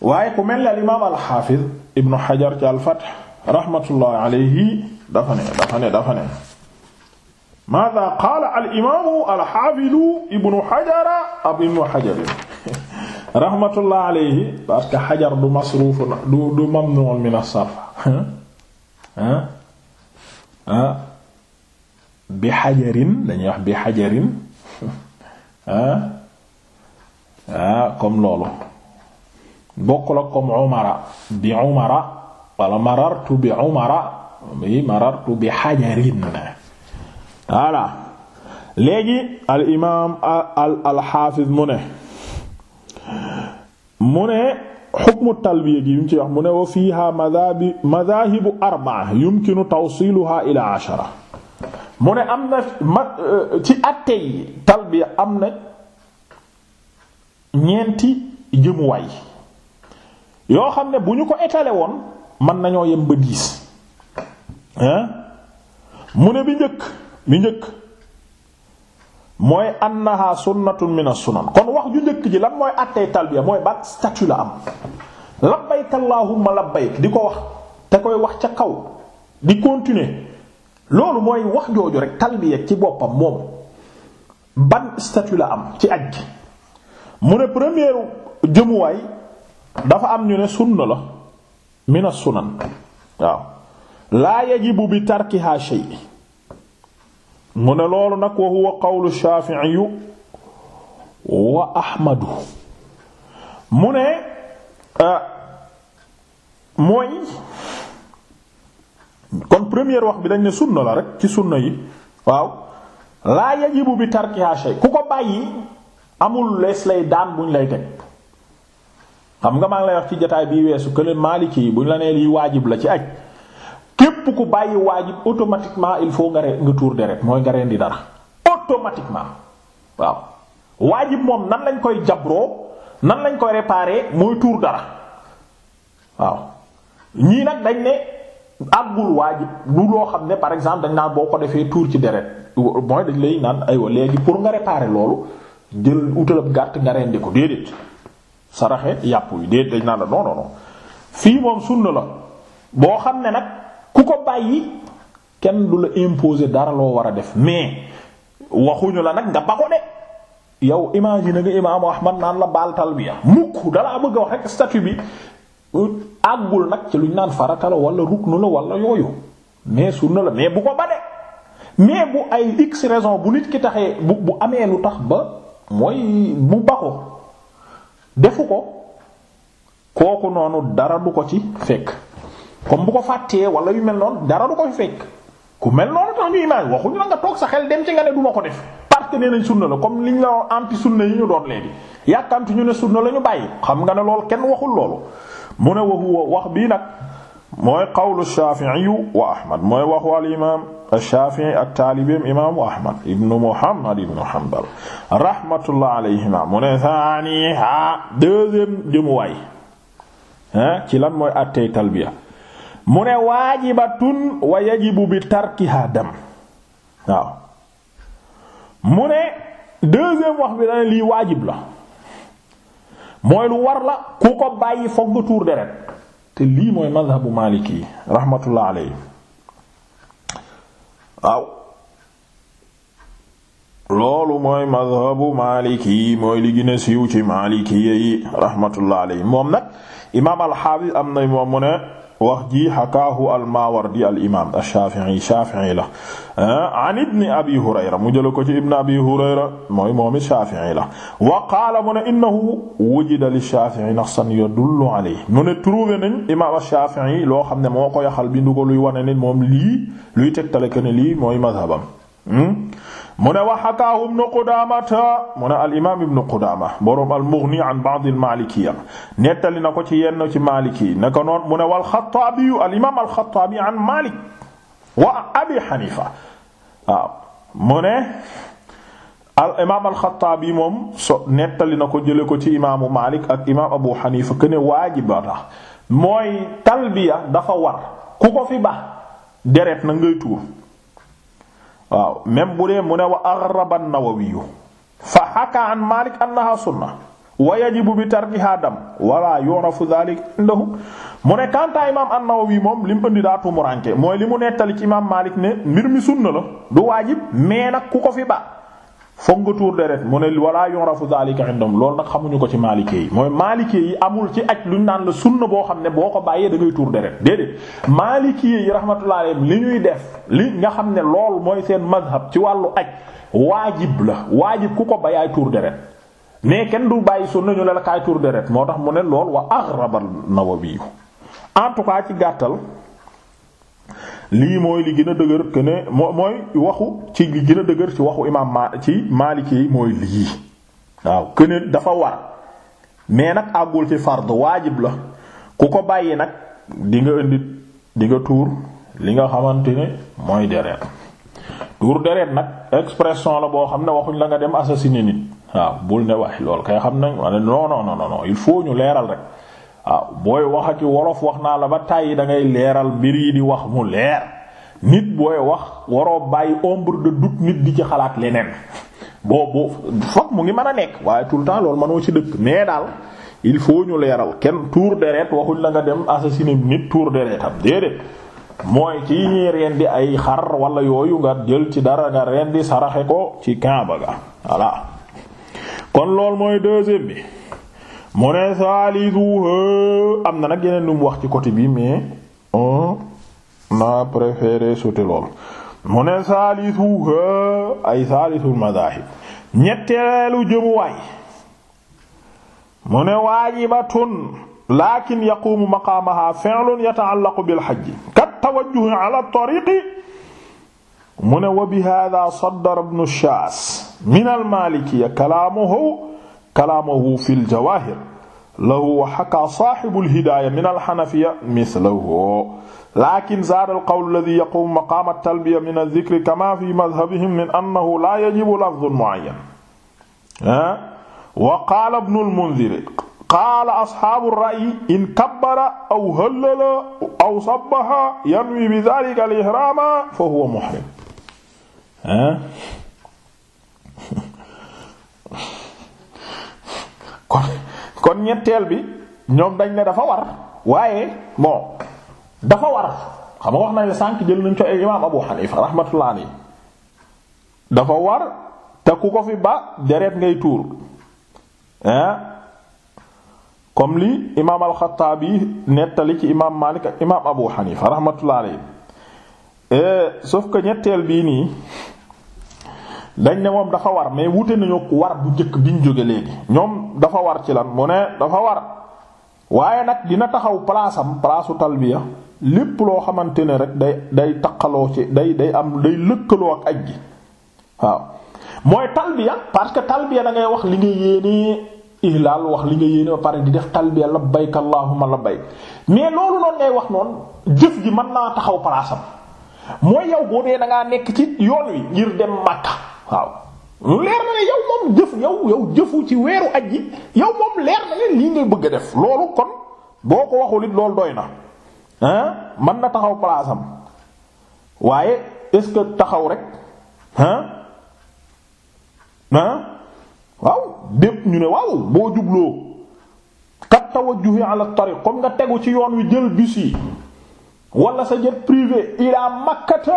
Speaker 1: waaye ku mel ni al imaam al xaafiz ci al Fath rahmatullahi dafa ne dafa ne dafa ne maada qaala al imaamu al xaafidu ibnu xajara ab ibnu xajarin rahmatullah alayhi parce que xajar du masruuf du du mamnuun min as-sarf ah ah bi xajarin dañuy wax bi xajarin ah ah comme loolu bokkul ak comme umara bi umara wala marartu bi umara mi marartu bi xajarin voilà léegi al imaam al al xaafiz mu ne mu ne mu ci wax mu ne wa fiiha madaabi madaahibu arbaa yumkinu tawsiluha ila ashara mu ne am na eh, ci attey talbiya am na ñeenti jëmuwaay yoo xam ne bu ñu ko étalé woon mën nañoo yem ba diis ah mu ne bi njëkk bi njëkk mooy annaha sunnatun min as-sunan kon wax ju njëkk ji lan mooy attey talbiya mooy ba statut la am labbayk allahumma labbayk di ko wax te koy wax ca kaw di continuer loolu mooy wax jooju rek talbiya ci boppam moom ban statut la am ci aj gi mu ne première jëmuwaay dafa am ñu ne sunna la min as waaw laa yajibu bi tarkiha shay mu ne loolu nag wa huwa qawlu Shaafi'i wa Ahmadu mu ne euh, mooy kon première wax bi dañ ne sunna la rek ci sunna yi waaw laa yajibu bi tarkiha shay ku ko bàyyi amul lees lay daan buñ lay teg xam nga maa ngi lay wax ci jotaay bii weesu kële Maliki yi buñ la nee lii waajib la ci aj képp ku bàyyi waajib automatiquement il faut nga re nga tuur deret mooy nga reen di dara automatiquement waaw waajib moom nan lañ koy jabroo nan lañ koy réparer mooy tuur dara waaw ñii nag dañ ne àggul waajib lu loo xam ne par exemple dañ naan boo ko defee tour ci deret mooy dañ lay naan ay aywa léegi pour nga réparer loolu jël utalab gàtt nga rendi ko déedéet saraxe yàpp wi déedéet dañ naan la non non fii moom sunna la boo xam ne nag ku ko bàyyi kenn du la imposer dara loo war a def mais waxuñu la nag nga ba ko de yow imagine nga imaamu ahmad naan la baal talbiya mukk dalaa bëgg a wax rek statut bi àggul nag ci lu ñu naan farata la wala ruknu la walla yooyu mais sunna la mais bu ko ba mais bu ay x raison bu nit ki taxee bu bu amee lu tax ba mooy bu ba ko defu ko kooku noonu dara du ko ci fekk comme bu ko fàttee wala yu mel noonu dara du ko fi fekk ku mel noonu tax ñu imaam waxuñu la nga toog sa xel dem ci nga ne du ko def parce que nee nañ sunna la comme liñ la anti sunna yi ñu doon léegi yàkkamti ñu ne sunna la bàyyi xam nga ne loolu kenn waxul loolu mu ne waxuwa wax bii nag mooy qawlu Shafi'i wa Ahmad mooy waxu al imaam Shafi'i ak taalibeem imaamu Ahmad ibnu Muhammad ibnu Hanbal rahmatullah alayhima mu ne saani ha deuxième jëmuwaay ci lan mooy attey mu ne waajibatun wa yajibu bi tarkiha dam waaw mu ne deuxième wax bi dana lii waajib la mooy lu war la ku ko bàyyi foog nga tuur deret te lii mooy madhabu maliki yi rahmatullah loolu mooy madhabu maliki mooy li gën ci maliki yi rahmatullah moom nag imaam alxaafis am na moom mu ne wax ji xakaahu al-Maawardi al-imaam ash-Shaafi'i Shaafi'i la ah, an ibni abi Hurayra mu jëla ko ci ibni abi Hurayra mooy moom it Shaafi'i la wa qaala mu ne innahu wujida li-Shaafi'i nasan yadullu alayhi mu ne trouvé nañ imaam ash-Shaafi'i loo xam ne moo ko yaxal bi ndu ko luy wane ne moom lii luy tegtale que ne lii mooy mazhabam hmm? mu ne wa hakaahu ibnu Qudaamata mu ne al imaam ibnu Qudaama boroom an ba'd al Maalikiyya nettali na ko ci yenn ci Maaliki naka ne wal Xattaabi mu ne al imaam al moom nettali na ko jëlee ko ci imaamu Maalik ak imaam Abu Haniifa que ne waajibata mooy talbiya dafa war ku ko fi ba deret na ngay tuur. waaw même bu dee mu ne wa aghraba an-Nawawi fa haka an Malik annaha sunna wa yajibu bi tarkiha dam wala yu'rafu dhalika indahu mu ne kanta imaam an-Nawawi moom li mu indi daa mooy li mu nettali ci imaam Malik ne mbir mi sunna la du waajib mais ku ko fi ba foog nga tuur deret mu ne wala yurafu zalika indam loolu nag xamuñu ko ci maalikee yi mooy maalikee yi amul ci aj luñ naan la sunna boo xam ne boo ko bàyyee dangay ngay tuur deret déedéet maalikee yi rahmatullahi alayhim li ñuy def li nga xam ne lool mooy seen mazhab ci wàllu aj waajib la waajib ku ko bayaay tuur deret mais kenn du bàyyi sunna ñu ne la kaay tuur deret moo tax mu ne lool wa aghrabal Nawawi en tout cas ci gàttal lii mooy li gën a dëgër que ne moo mooy waxu ci li gën a dëgër ci waxu imaam ma ci Maliki yi mooy lii waaw que dafa war mais nag àggul ci fard waajib la ku ko bàyyi nag di nga indi di nga tuur li nga xamante ne mooy deret tuur deret nag expression la boo xam ne waxuñ la nga dem assassiner nit waaw bul ne wax loolu kay xam nañ non non non non ñu leeral rek. waaw booy wax ci wolof wax naa la ba tàyyi dangay leeral mbir yi di wax mu leer nit booy wax waroo bàyyi ombre de doute nit di ci xalaat leneen boobu foog mu ngi mën a nekk waaye tout le temps loolu mënoo ci dëkk mais daal il faut ñu leeral kenn tour deret waxuñ la nga dem assassiner nit tour deretam déedéet mooy ci ñuy rendi ay xar wala yooyu nga jël ci dara nga rendi saraxe ko ci Kaaba ga voilà kon loolu mooy deuxième bi. mu ne saalisu am na nag yeneen lu mu wax ci côté bi mais on a préféré sauter lool mu ne saalisu ay saalisul madahib ñetteelu jëmuwaay mu ne waajibatun lakin yaqumu maqaamaha fi'lun yata'allaqu bil hajj kat tawajjuh ala tariqi mu wa bi hadha saddara ibn Shaas min al-Maalikiyya kalaamahu fil jawaahir lahu wa xakaa saaxibul hidaaya minal xanafiya mislahu laakin zaadal qawlu allazii yaquumu maqaama talbiya mina zikri kamaa fi madhabihim min annahu laa yajibu lafzun muayyan. Ah? wa qaala ibnul munzir qaala asxaabu ra'yi in kabbara aw hallala aw sabbaha yanwi bi zaalika al-ihraama fa huwa muhrim. Ah? kon ñetteel bi ñoom dañ ne dafa war waaye bon dafa war xam nga wax nañ ne sànq jël nañ ci imaam Abu Hanifa rahmatullah alayhi dafa war te ku ko fi ba deret ngay tuur comme li imaam al-Xattaabi nettali ci imaam Maalik ak imaam Abu Hanifa rahmatullah alayhi eh, sauf que ñetteel bii nii dañ ne moom dafa war mais wute nañu war bu jëkk bi ñu jóge léegi ñoom. dafa war ci lan mu ne dafa war waaye nag dina taxaw palaasam palaasu talbiya lépp loo xamante ne rek day day taqaloo ci day day am day lëkkaloo ak aj gi waaw mooy talbiya parce que talbiya da ngay wax li nga yéene ihlaal wax li nga yéene pare di def talbiya labbayk allahumma labbayk mais loolu noonu ngay wax noonu jëf gi mën naa taxaw palaasam mooy yow boo dee da ngaa nekk ci yoon wi ngir dem Makka waaw lu leer na ne yow moom jëf yow yow jëfu ci weeru aj yi yow moom leer na ne lii ngay bëgg a def loolu kon boo ko waxul it loolu doy na man na taxaw palaasam waaye est-ce taxaw rek ah ah waaw bépp ñu ne waaw boo jubloo kat tawajjuhi ala tariq comme nga tegu ci yoon wi jël bis yi wala sa jet privé ila makkata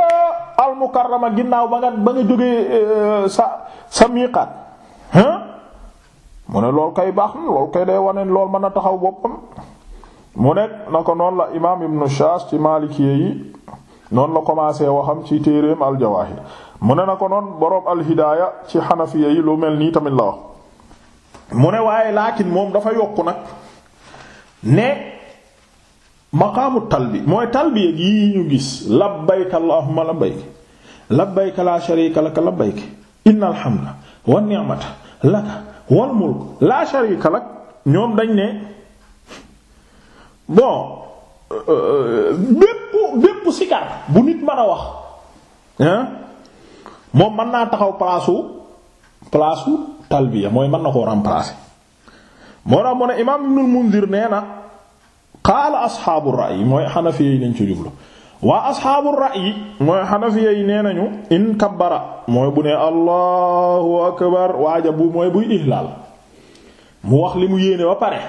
Speaker 1: al mukarrama ginnaaw ba nga ba nga jógee euh, sa sa miiqaat mu ne lool kay baax na lool kay day wane lool mën a taxaw boppam mu ne na ko noonu la imaam ibnu Shaas ci maalikiyee yi noonu la commencé waxam ci téereem al mu ne na ko noon boroom al hidaaya ci xanafiya yi lu mel nii tamit la wax mu ne waaye laakin moom dafa yokk nag ne maqaamu talbi mooy talbiya yii ñu gis labbayka allahumma labbayka labbayka laa sharika laka labbayka innal hamda wan ni'mata laka wal mulk laa sharika lak ñoom dañ ne bon bépp bépp sikar bu nit mën a wax moom mën naa taxaw palaasu palaasu talbiya mooy mën na koo remplacer moo tax mu imaam Ibnul Mundir nee na qaala asxaabu ra'yi mooy xanafiya yi lañ ci jublu waa asxaabu ra'yi mooy xanafiya yi nee nañu in kabbara mooy bu ne allahu akbar waaja bu mooy buy ihlaal mu wax li mu yéene ba pare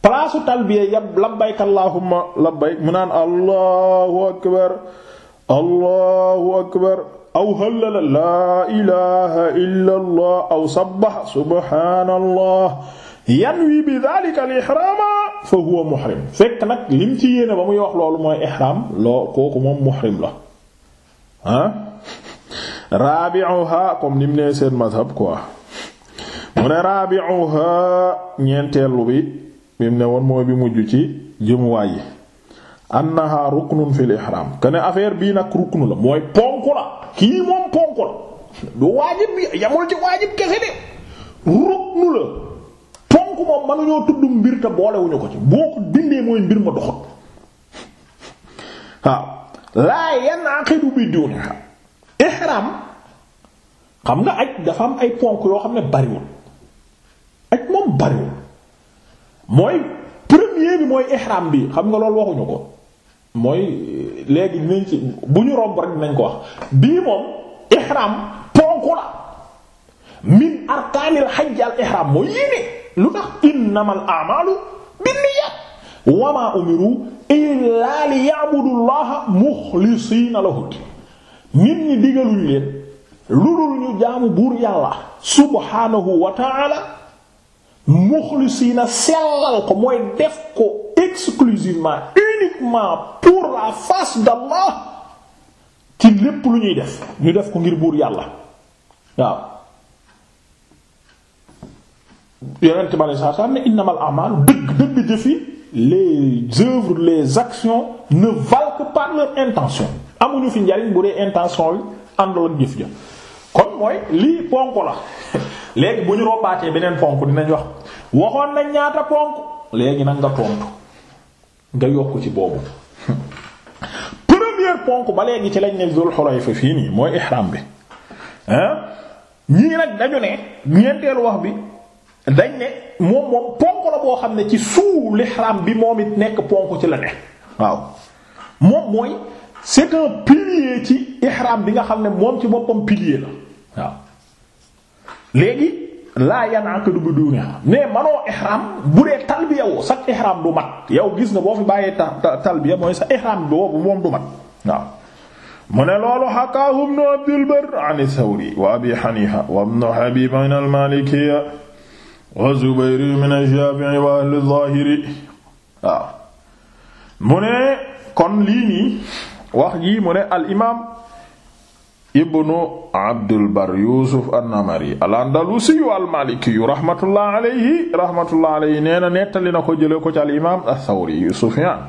Speaker 1: palaasu talbiya yab labbayk allahumma labbayk mu naan allahu akbar allahu akbar aw halala laa ilaha illa allah aw sabbaha subhaanallah yanwi bi dhalika al ihraama fa huwa muhrim fekk nag lim ci yéene ba muy wax loolu mooy ihram loo kooku moom muhrim la ah rabi'uha comme nim nee seen mazhab quoi mu ne rabi'uha ñeenteelu bi mu ne woon mooy bi mujj ci jëmuwaay yi annaha ruknun fil ihram que ne affaire bii nag ruknu la mooy ponk la kii moom ponk la du waajib yamul ci waajib kese de ruknu la kooku moom mënuñoo tudd mbir te boolewuñu ko ci boo ko dindee mooy mbir ma doxut waaw laa yanaqidu bi duniha ihram xam nga aj dafa am ay ponk yoo xam ne bariwul aj moom bariwul mooy premier bi mooy ihram bi xam nga lool waxuñu ko mooy eh, léegi dinañ ci bu ñu romb rek dinañ ko wax bii moom ihram ponk la min arkaanil xajj al ihram mooy yéene lu tax innamal a'malu binniyat wama umiru illa liya'budullaha mukhlisina lahu nit ñi digaluñ leen lu dul ñu jaamu buur yàlla subhanahu wa ta'ala mukhlisina sellal ko mooy def ko exclusivement uniquement pour la face d'Allah ci lépp lu ñuy def ñu def ko ngir buur yàlla waaw yonent bi alayhi salaam ne innamal a'maalu dëgg dëgg jëf yi les œuvres les actions ne valent que par intention amuñu fi njariñ bu dee intention bi àndal ak jëf ja kon mooy lii ponk la léegi bu ñu rombaatee beneen ponk dinañ wax waxoon nañ ñaata ponk léegi nag nga tontu nga yokk ci boobu première ponk ba léegi ci lañ ne Zul Hulayfa fii nii mooy ihram bi ñii nag dañu ne ñeenteelu wax bi. dañ ne moom moom ponk la boo xam ne ci suu l'ihram bi moom it nekk ponk ci la ne waaw moom mooy c'est un ci ihram bi nga xam ne moom ci boppam pilier la waaw léegi laa yanaqadu bi duuni mais manoo ihram bu dee talbiya woo sax ihram du mat yow gis nga boo fi bàyyee talbiya mooy sa ihram boobu moom du mat waaw mu ne loolu xakaahu ibnu Abdul Barr an Sawri wa Abi Hanifa wa ibnu Habib an al-Malikiyya wa Zubayr min Shaafi'i wa ahli Zaahiri waaw mu ne kon lii nii wax jii mu ne al imaam ibnu Abdul Bar Yuusuf an-Namari al-Andalusi al-Maliki rahmatullah alayhi rahmatullah alayhi nee na nettali na ko jële ko ci al imaam as-Sawri Sufyaan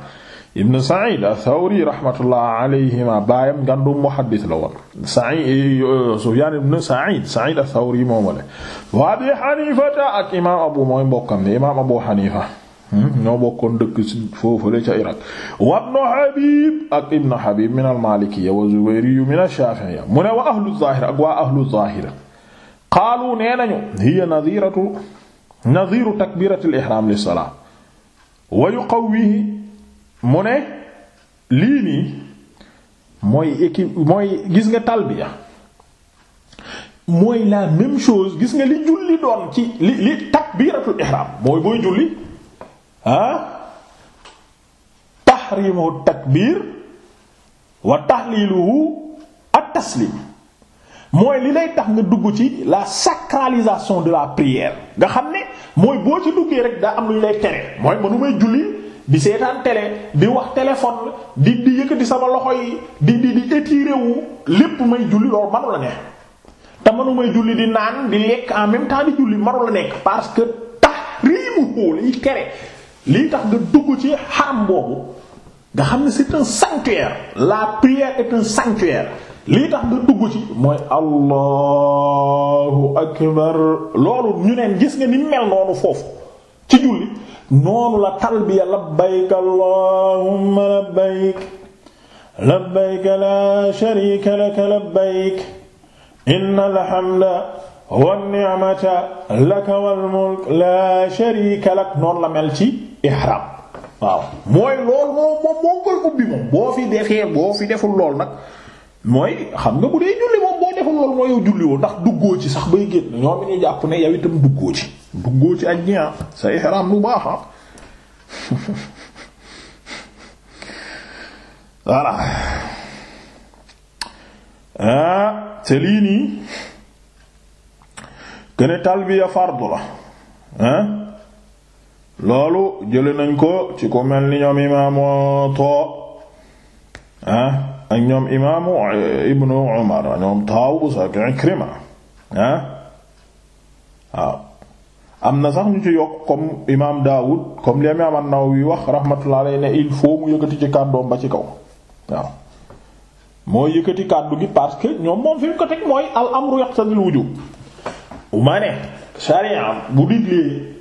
Speaker 1: ibn Sa'id ath-Thawri rahmatullah alayhima baayam ngandum muhaddis la woon Sa'id eh, Sufyan ibn Sa'id Sa'id ath-Thawri moomale wa Abi Hanifata ak imam abu mooy mbokkam ne imam Abu Hanifa hmm? ñoo bokkoon dëkk ci foofule ca Irak wa ibn Habib ak ibn Habib min al-Malikiyya wa Zubayri min ash-Shafi'iyya mu ne wa ahlu zahira ak waa ahlu zahira qaalu nee nañu hiya nadiratu nadiru takbirati al-ihram lis-salah wa yuqawwihi mu ne lii nii mooy équipe mooy gis nga talbiya mooy la même chose gis nga li julli doon ci li li takbiratul ihram mooy booy julli ah tahrimu takbir wa tahliluhu at taslim mooy li lay tax nga dugg ci la sacralisation de la prière nga xam ne mooy boo ci duggee rek daa am lu ñu lay tere mooy mënu julli di seetaan télé di wax téléphone di di yëkkati sama loxo yi di di di étiré lépp may julli loolu manu la te manu julli di naan di lekk en même temps di julli manu nekk parce que tax riimu xóo tere lii tax nga dugg ci xaram boobu nga xam ne c'est un sanctuaire la prière est un lii tax nga dugg ci mooy allahu akbar loolu ñu neen gis nga ni mel noonu foofu ci julli noonu la talbiya labbayk allahumma labbayk labbayk la sharika laka labbayk innal hamda wan ni'mata lak noonu la mel ci ihram waaw mooy lool moom moom moo koy ubbi moom boo fi defee boo fi deful lool nag mooy xam nga bu dee julli moom boo deful lool mooy yow julliwoo ndax duggoo ci sax bay génn ñoom ñu jàpp ne yow itam duggoo ci duggoo ci ak jian ah. sa ihram lu baax ah voilà ah talbiya fardu la loolu jële nañ ko ci ko mel ni ñoom imaamu too ah ak ñoom imaamu eh, ibnu umar ñoom taawu sa Ikrima ah waaw am na sax ñu ci yokk comme imaam Daawud comme li imaam An-Nawawi wax rahmatullah alayhi ne il faut mu yëkkati ci kàddoom ba ci kaw waaw mooy yëkkati kàddu gi parce que ñoom moom fi ñu ko teg mooy al amru wujub ma ne sharia bu diglee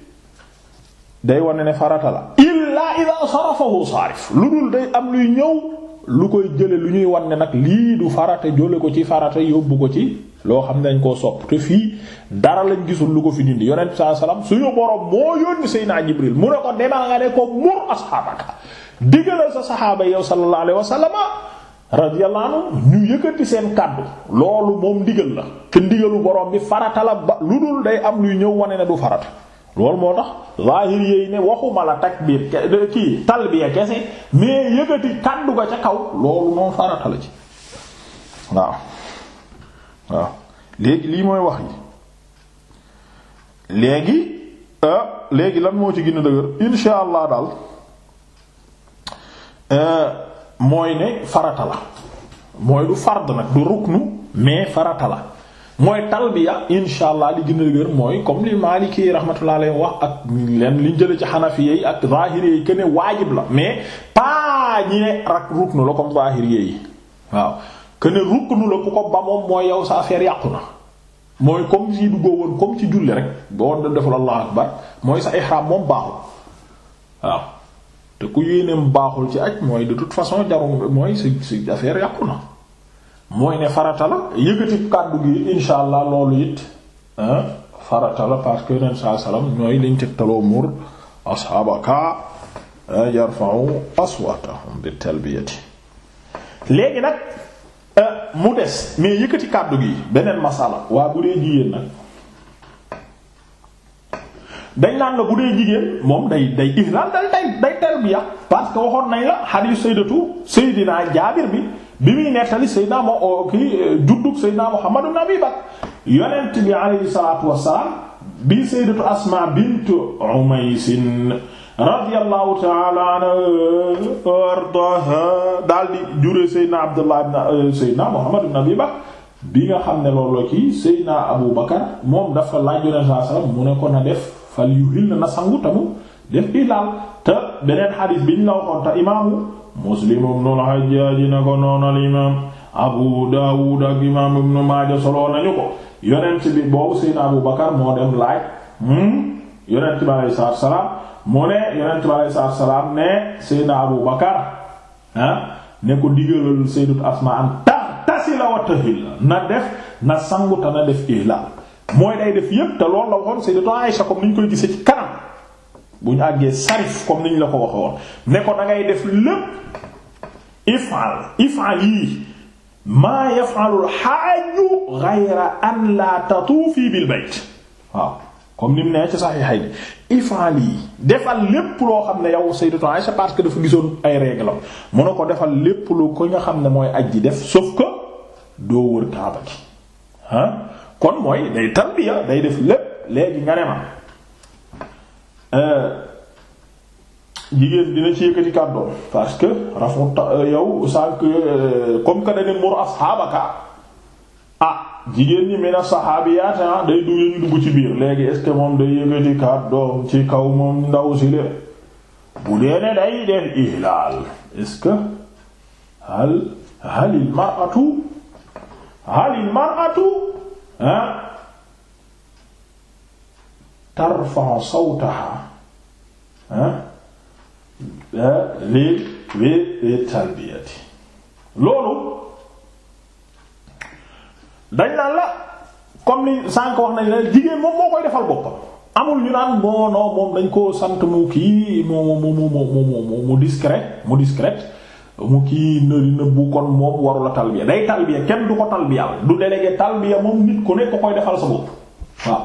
Speaker 1: day wane ne farata la illa ida sarafahu saarif lu dul day am luy ñëw lu koy jële lu ñuy wan ne nag lii du farata jóole ko ci farata yóbbu ko ci loo xam ne dañ koo sopp te fii dara lañ gisul lu ko fi dindi yonent bi saa salaam suñu borom moo yónni Seydina Jibril mu ne ko demal ko mur asxaabaka diggalal sa saxaaba yow sallallahu alayhi wa sallama radiyallahu ñu yëkkati seen kàddu loolu moom ndigal na te ndigalu borom bi farata la ba lu dul day am luy ñëw wane ne du farata lool moo tax zahir yéy ne waxuma la takbir kii talbiya kese mais yëgati kàddu ga ca kaw loolu moom farata la ci waaw waaw léegi lii mooy wax yi léegi euh, léegi lan moo ci gën a dëgër insha allah daal euh, mooy ne farata la mooy du fard nag du ruknu mais farata la mooy talbiya insha allah li gën a dëgër mooy comme li Maliki yi rahmatullah wax ak leen liñ jële ci Hanafiya yi ak Zahiri yi kenn waajib la mais pas ñi ne rak ruknu la comme Zahiri yi waaw kenn ruknu la ku ko ba moom mooy yow sa affaire yàqu na mooy comme si duggoo woon comme ci julli rek boo doon defal allah akbar mooy sa ihram moom baaxul waaw te ku yéeneem baaxul ci aj mooy de toute façon jarum mooy si si affaire yàqu na mooy ne farata la yëkkati kàddu gi insha allah loolu it farata la parce que yeneen saa salaam ñooy liñ tegtaloo mur ashabaka eh, yarfa'u aswatahum bi talbiyati léegi nag eh, mu des mais yëkkati kàddu gi beneen masala waa bu dee jigéen nag dañ naan la bu dee jigéen moom day day ihlal day day talbiya parce que waxoon nañ la hadith sayyidatu sayyidina jaabir bi bi muy nettali Seydina moo kii eh, juddug Seydina Muhammad ibn yonent bi alayhi salaatu wassalaam bi Sayyidatu Asma bint Umays radiyallahu ta'ala anha daal di jure Seydina Abdullah ibn eh, Muhammad ibn bi nga xam ne loolu la Abu Bakar moom dafa laaj yonent sallallahu alayhi mu ne ko na def fal yuhil na sangu tamu def ilaal te beneen xadiis bi ñu la waxoon te imaamu muslim ibnul hajjaaj na ko noonu al imaam abu daawud ak imaam ibnu maaja soloo nañu ko yonent bi boobu seydna abu bakar moo dem laaj hmm? mu ne yonent bi abu bakar ne ko digalal sayyidatu asma am taghtasila wa tahilla na def na sangu te na def ihlal mooy day def yépp te loolu la waxoon sayyidatu aisha comme niñ koy gisee ci kanam bu ñu àggee sarif comme niñ la ko waxe woon ne ko da def lépp ifal ifal yii maa yafalul xaaju gayra an la fii bil bayt waaw comme ni mu nee ci saxiixay bi ifal yi defal lépp loo xam ne yow sayyidatu Aisha parce que dafa gisoon ay règle mu ne ko defal lépp lu ko nga xam ne mooy aj ji def sauf que doo wër kaaba gi ah, kon mooy day tarbiya day def lépp léegi nga ne ma Euh, jigéen dina ci yëkkati kàddoom parce que rafu euh, yow sànq euh, comme que dañu mur asxaabaka ah jigéen ñi mina saxaabiyaat ah, day dugg ñu dugg ci biir léegi est ce que moom day yëkkati kàddoom ci kaw moom ndaw si le bu dee ne day def ihlaal est que hal halil mar'atu halil mar'atu ah tarfa'u sawtaha lii lii talbiyati loolu dañ naan la comme ni sànk wax nañ la jigéen moom moo koy defal boppam amul ñu naan non non moom dañ koo sant mu kii mu mu mu mu mu discret mu discret mu kii në nëbbu kon moom warula talbiya day talbiya kenn du ko talbiyal du délégué talbiya moom nit ku nekk ko koy defal sa bopp waaw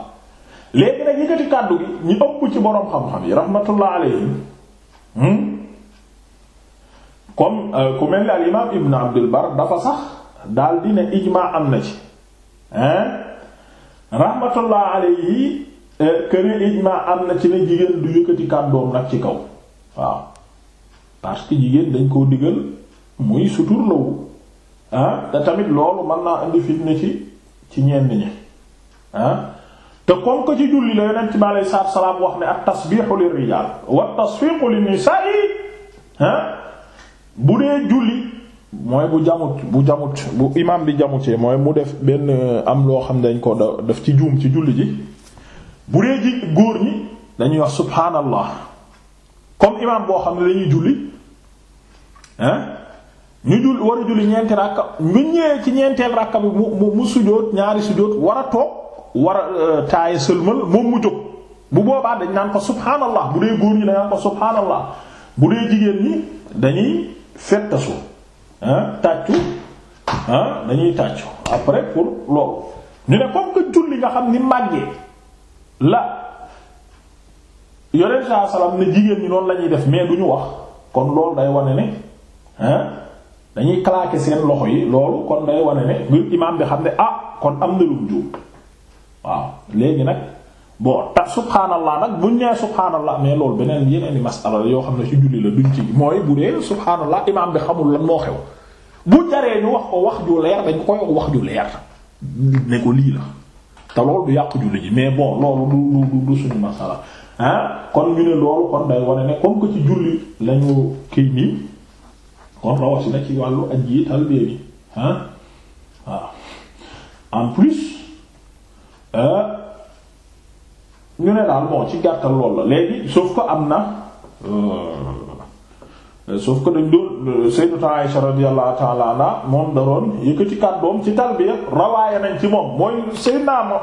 Speaker 1: léegi nag yëkkati kàddu gi ñi ëpp ci boroom xam-xam yi rahmatullah alayhim hmm? comme euh, ku mel ni al ibn abdul bar dafa sax daal di ne ijmaa am na ci hein rahmatullah alayhi këne euh, ijmaa am na ci ne jigéen du yëkkati kàddoom nag ci kaw waaw parce que jigéen dañ koo digal muy suturlawu ah te tamit loolu mën naa indi fitna ci ci ñenn ñi te comme que ci julli la yonent bi aleyhi salaatu salaam wax ne ak tasbiixu li rijaal wa tasfiiqu li nisaa'i ah, bu dee julli mooy bu jamut bu jamut bu imaam bi jamutee mooy mu def benn euh, am loo xam dañ ko def ci juum ci julli ji bu dee ji góor ñi dañuy wax subhaanallah comme imaam boo xam ne dañuy julli ah, ñu julli war a julli ñeenti ràkka ñu ñëwee ci ñeenteel ràkka bi mu mu sujjóot ñaari sujjóot war a toog war a euh, taaye sëlmal moom mu jóg bu boobaa dañ naan ko subhaanallah bu dee góor ñi dañ naan bu dee jigéen ñi dañuy fettasu ah tàccu dañuy tàccu après pour loolu ñu ne comme que julli nga xam ni màggee la yonent saa salaam ne jigéen ñi noonu lañuy def mais du ñu wax kon loolu day wane ne ah dañuy claquer seen loxo yi loolu kon day wane ne ngir imaam bi xam ne ah kon am na lu mu waaw léegi nag bon ta subhaanallah nag buñ nee subhaanallah mais loolu beneen yeneen i masala yoo xam ne si julli la duñ ci mooy bu dee subhaanallah imaam bi xamul lan moo xew bu jaree ñu wax ko wax ju leer dañ koy wax ju leer ne ko lii la te loolu du yàqu julli ji mais bon loolu du du du suñu masala ah, kon ñu ne loolu kon day wane ne comme que ci julli lañu kii nii kon rawatina ci wàllu aji talbiya bi ah waaw plus. ñu ne daal bon ci gàttal lool la léegi sauf que am na euh, sauf que dañ doon Sayyidatu Aisha radiyallahu ta'ala anha moom da doon yëkkati kàddoom ci talbiya rawaaya nañ ci moom mooy Sayyidna mo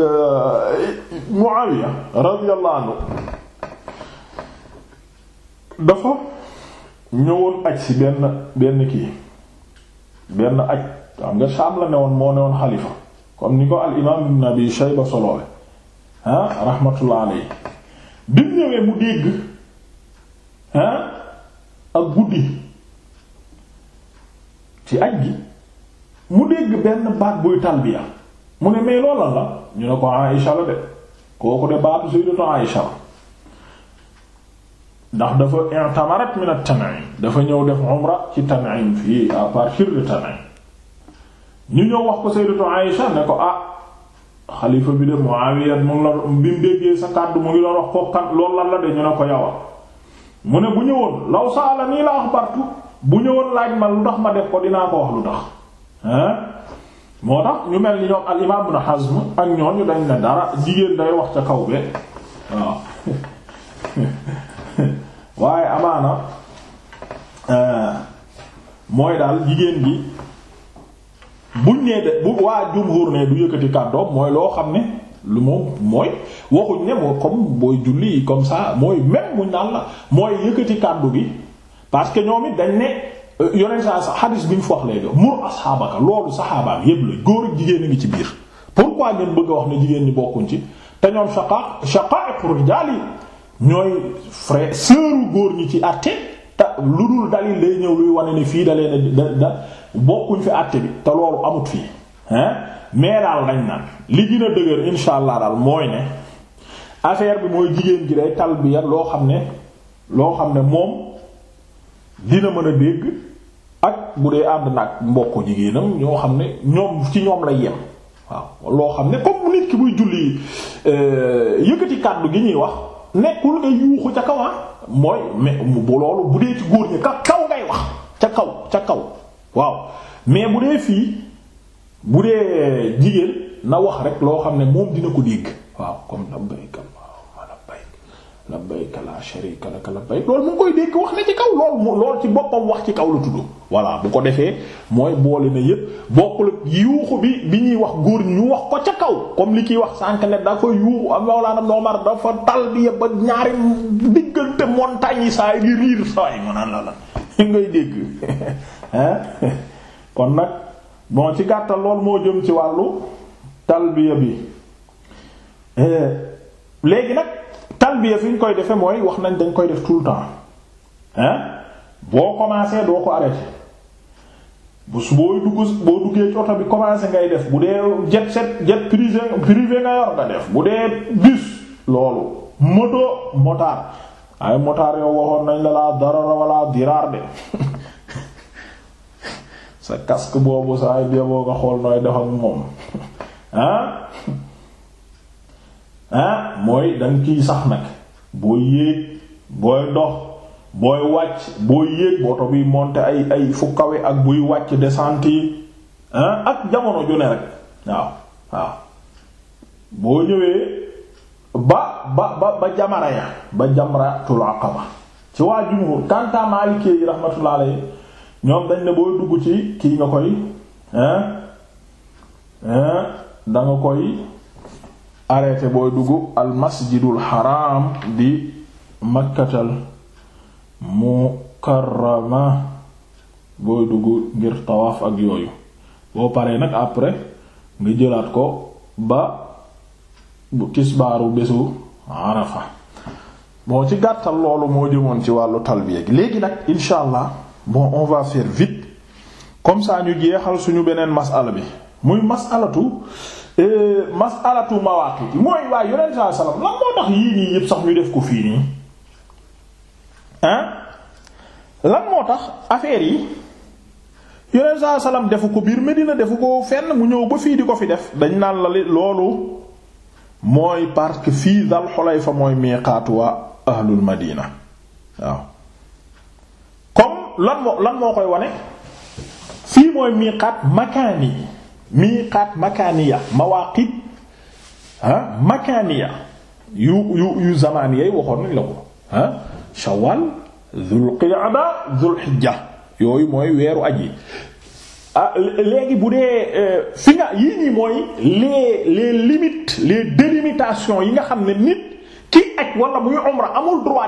Speaker 1: euh, Muawiya radiyallahu anhu dafa ñëwoon aj si benn benn kii benn aj xam nga Sham la ne woon moo ne woon xalifa comme ni ko al imaam ibn abi shayba soloole ah bi mu ñëwee mu dégg ah ak guddi ci aj gi mu dégg benn baat buy talbiya mu ne mais loola la ñu ne ko Aïsha la de kooku de baatu sayyidatu Aïsha ndax dafa i'tamarat min at-Tan'im dafa ñëw def umra ci Tan'im fii à partir de Tan'im ñu ñëw wax ko sayyidatu Aïsha ne ko ah xalifa bi de Muawiya mu la bi mu déggee sa kàddu mu ngi doon wax ko kan loolu lan la de ñu ne ko yawal mu ne bu ñëwoon law saala nii la axbartu bu ñëwoon laaj ma lu tax ma def ko dinaa ko wax lu tax hein moo tax ñu mel ni ñoom al imaam Ibn Hazm ak ñoon ñu dañ ne dara jigéen day wax ca kaw be waaw waaye amaana euh, mooy daal jigéen gi bu nee de bu waa jumhur ne du yëkkati kàddoom mooy loo xam ne lu moom mooy waxuñ ne moo comme booy julli comme ça mooy même muñ naan la mooy yëkkati kàddu bi parce que ñoom it dañ ne euh, yoneen sa xadis bi ñu fox lay do mur asxaabaka loolu saxaabaam yépp la góor ak jigéen a ngi ci biir pourquoi ngeen bëgg a wax ne jigéen ñi bokkuñ ci te ñoom shaqa shaqa'iqu rijaal yi ñooy frère sœuru góor ñi ci àtte te lu dul dalil lay ñëw luy wane ne fii da leen bokkuñ fi àtte bi te loolu amut fii hein mais daal nañ naan li gën a dëgër insha allah daal mooy ne affaire bi mooy jigéen ji day talbiya loo xam ne loo xam ne moom dina mën a dégg ak bu dee ànd nag mbokk jigéenam ñoo xam ne ñoom ci ñoom la yem waaw loo xam ne comme nit ki buy julli euh, yëkkati kàddu gi ñuy wax nekkul nga yuuxu ca kaw ah? mooy mais bu loolu bu dee ci góor ñi ka kaw ngay wax ca kaw ca kaw waaw mais bu dee fii bu dee jigéen na wax rek loo xam ne moom dina ko dégg waaw comme labbayka allahumma labbayk labbayka la sharika laka labbayk loolu mu ngi koy dégg wax na ci kaw lool lool ci boppam wax ci kaw la tudd voilà bu ko defee mooy boole na yépp bokkul yuuxu bi bi ñuy wax góor ñu wax ko ca kaw comme li kiy wax sànq ne da ko yuuxu am mawlaana Omar dafa talbiya ba ñaari diggante montagne yi saa yi di riir saa yi mu naan la ngay dégg kon nag bon ci gàttal lool moo jëm ci wàllu talbiya bi eh, léegi nag talbiya fi ñu koy defee mooy wax nañ dañ koy def tout le temps hein boo commencé doo ko arrêté bu su booy dugg boo duggee ci bi commencé ngay def bu dee jet set jet privé privé nga yor nga def bu dee bus loolu moto motard ay motard yow waxoon nañ la laa darara wala diraar de sa kask boobu sa ay beboo nga xool nooy def ak moom ah ah mooy danga ciy sax nag booy yéeg booy dox booy wàcc booy yéeg boto buy monter ay ay fu kawe ak buy wàcc descente yi ah? ak jamono ju ne rek waaw waaw boo ñëwee ba ba ba ba jamara ya ba jamratul aqaba ci waa jumhur kantaa maalikee yi rahmatullah ñoom dañ ne boo dugg ci kii nga koy hein koy arrêté booy dugg al masjidul haram di makkatal mukarrama booy dugg ngir tawaaf ak yooyu boo paree nag après nga jëlaat ko ba bu tisbaaru bésu arafa moo ci gàttal loolu moo jëmoon ci wàllu talbiya gi léegi nag insha allah bon on va faire vite comme ça ñu jeexal suñu beneen masala bi muy masalatu euh, masalatu mawaaqit mooy waaye yonent saa salaam lan moo tax yii nii yépp sax ñu def ko fii nii hein lan moo tax affaire yi yonent saa salaam defu ko biir Medina defu ko fenn mu ñëw ba fii di ko fi def dañ naan la loolu mooy parce fii Dal Xulayfa mooy miiqaatu waa ahlul Madina waaw comme lan moo lan moo koy wane fii mooy miiqaat makaani miiqaat makaaniya mawaqit ah makaaniya yu yu yu zamani yay waxoon nañ la ko ah shawal dhul qiyada dhul hijja yooyu mooy weeru aji yi ah, léegi bu dee euh, fi nga yii nii mooy les les limites les délimitations yi nga xam ne nit ki aj wala muy umra amul droit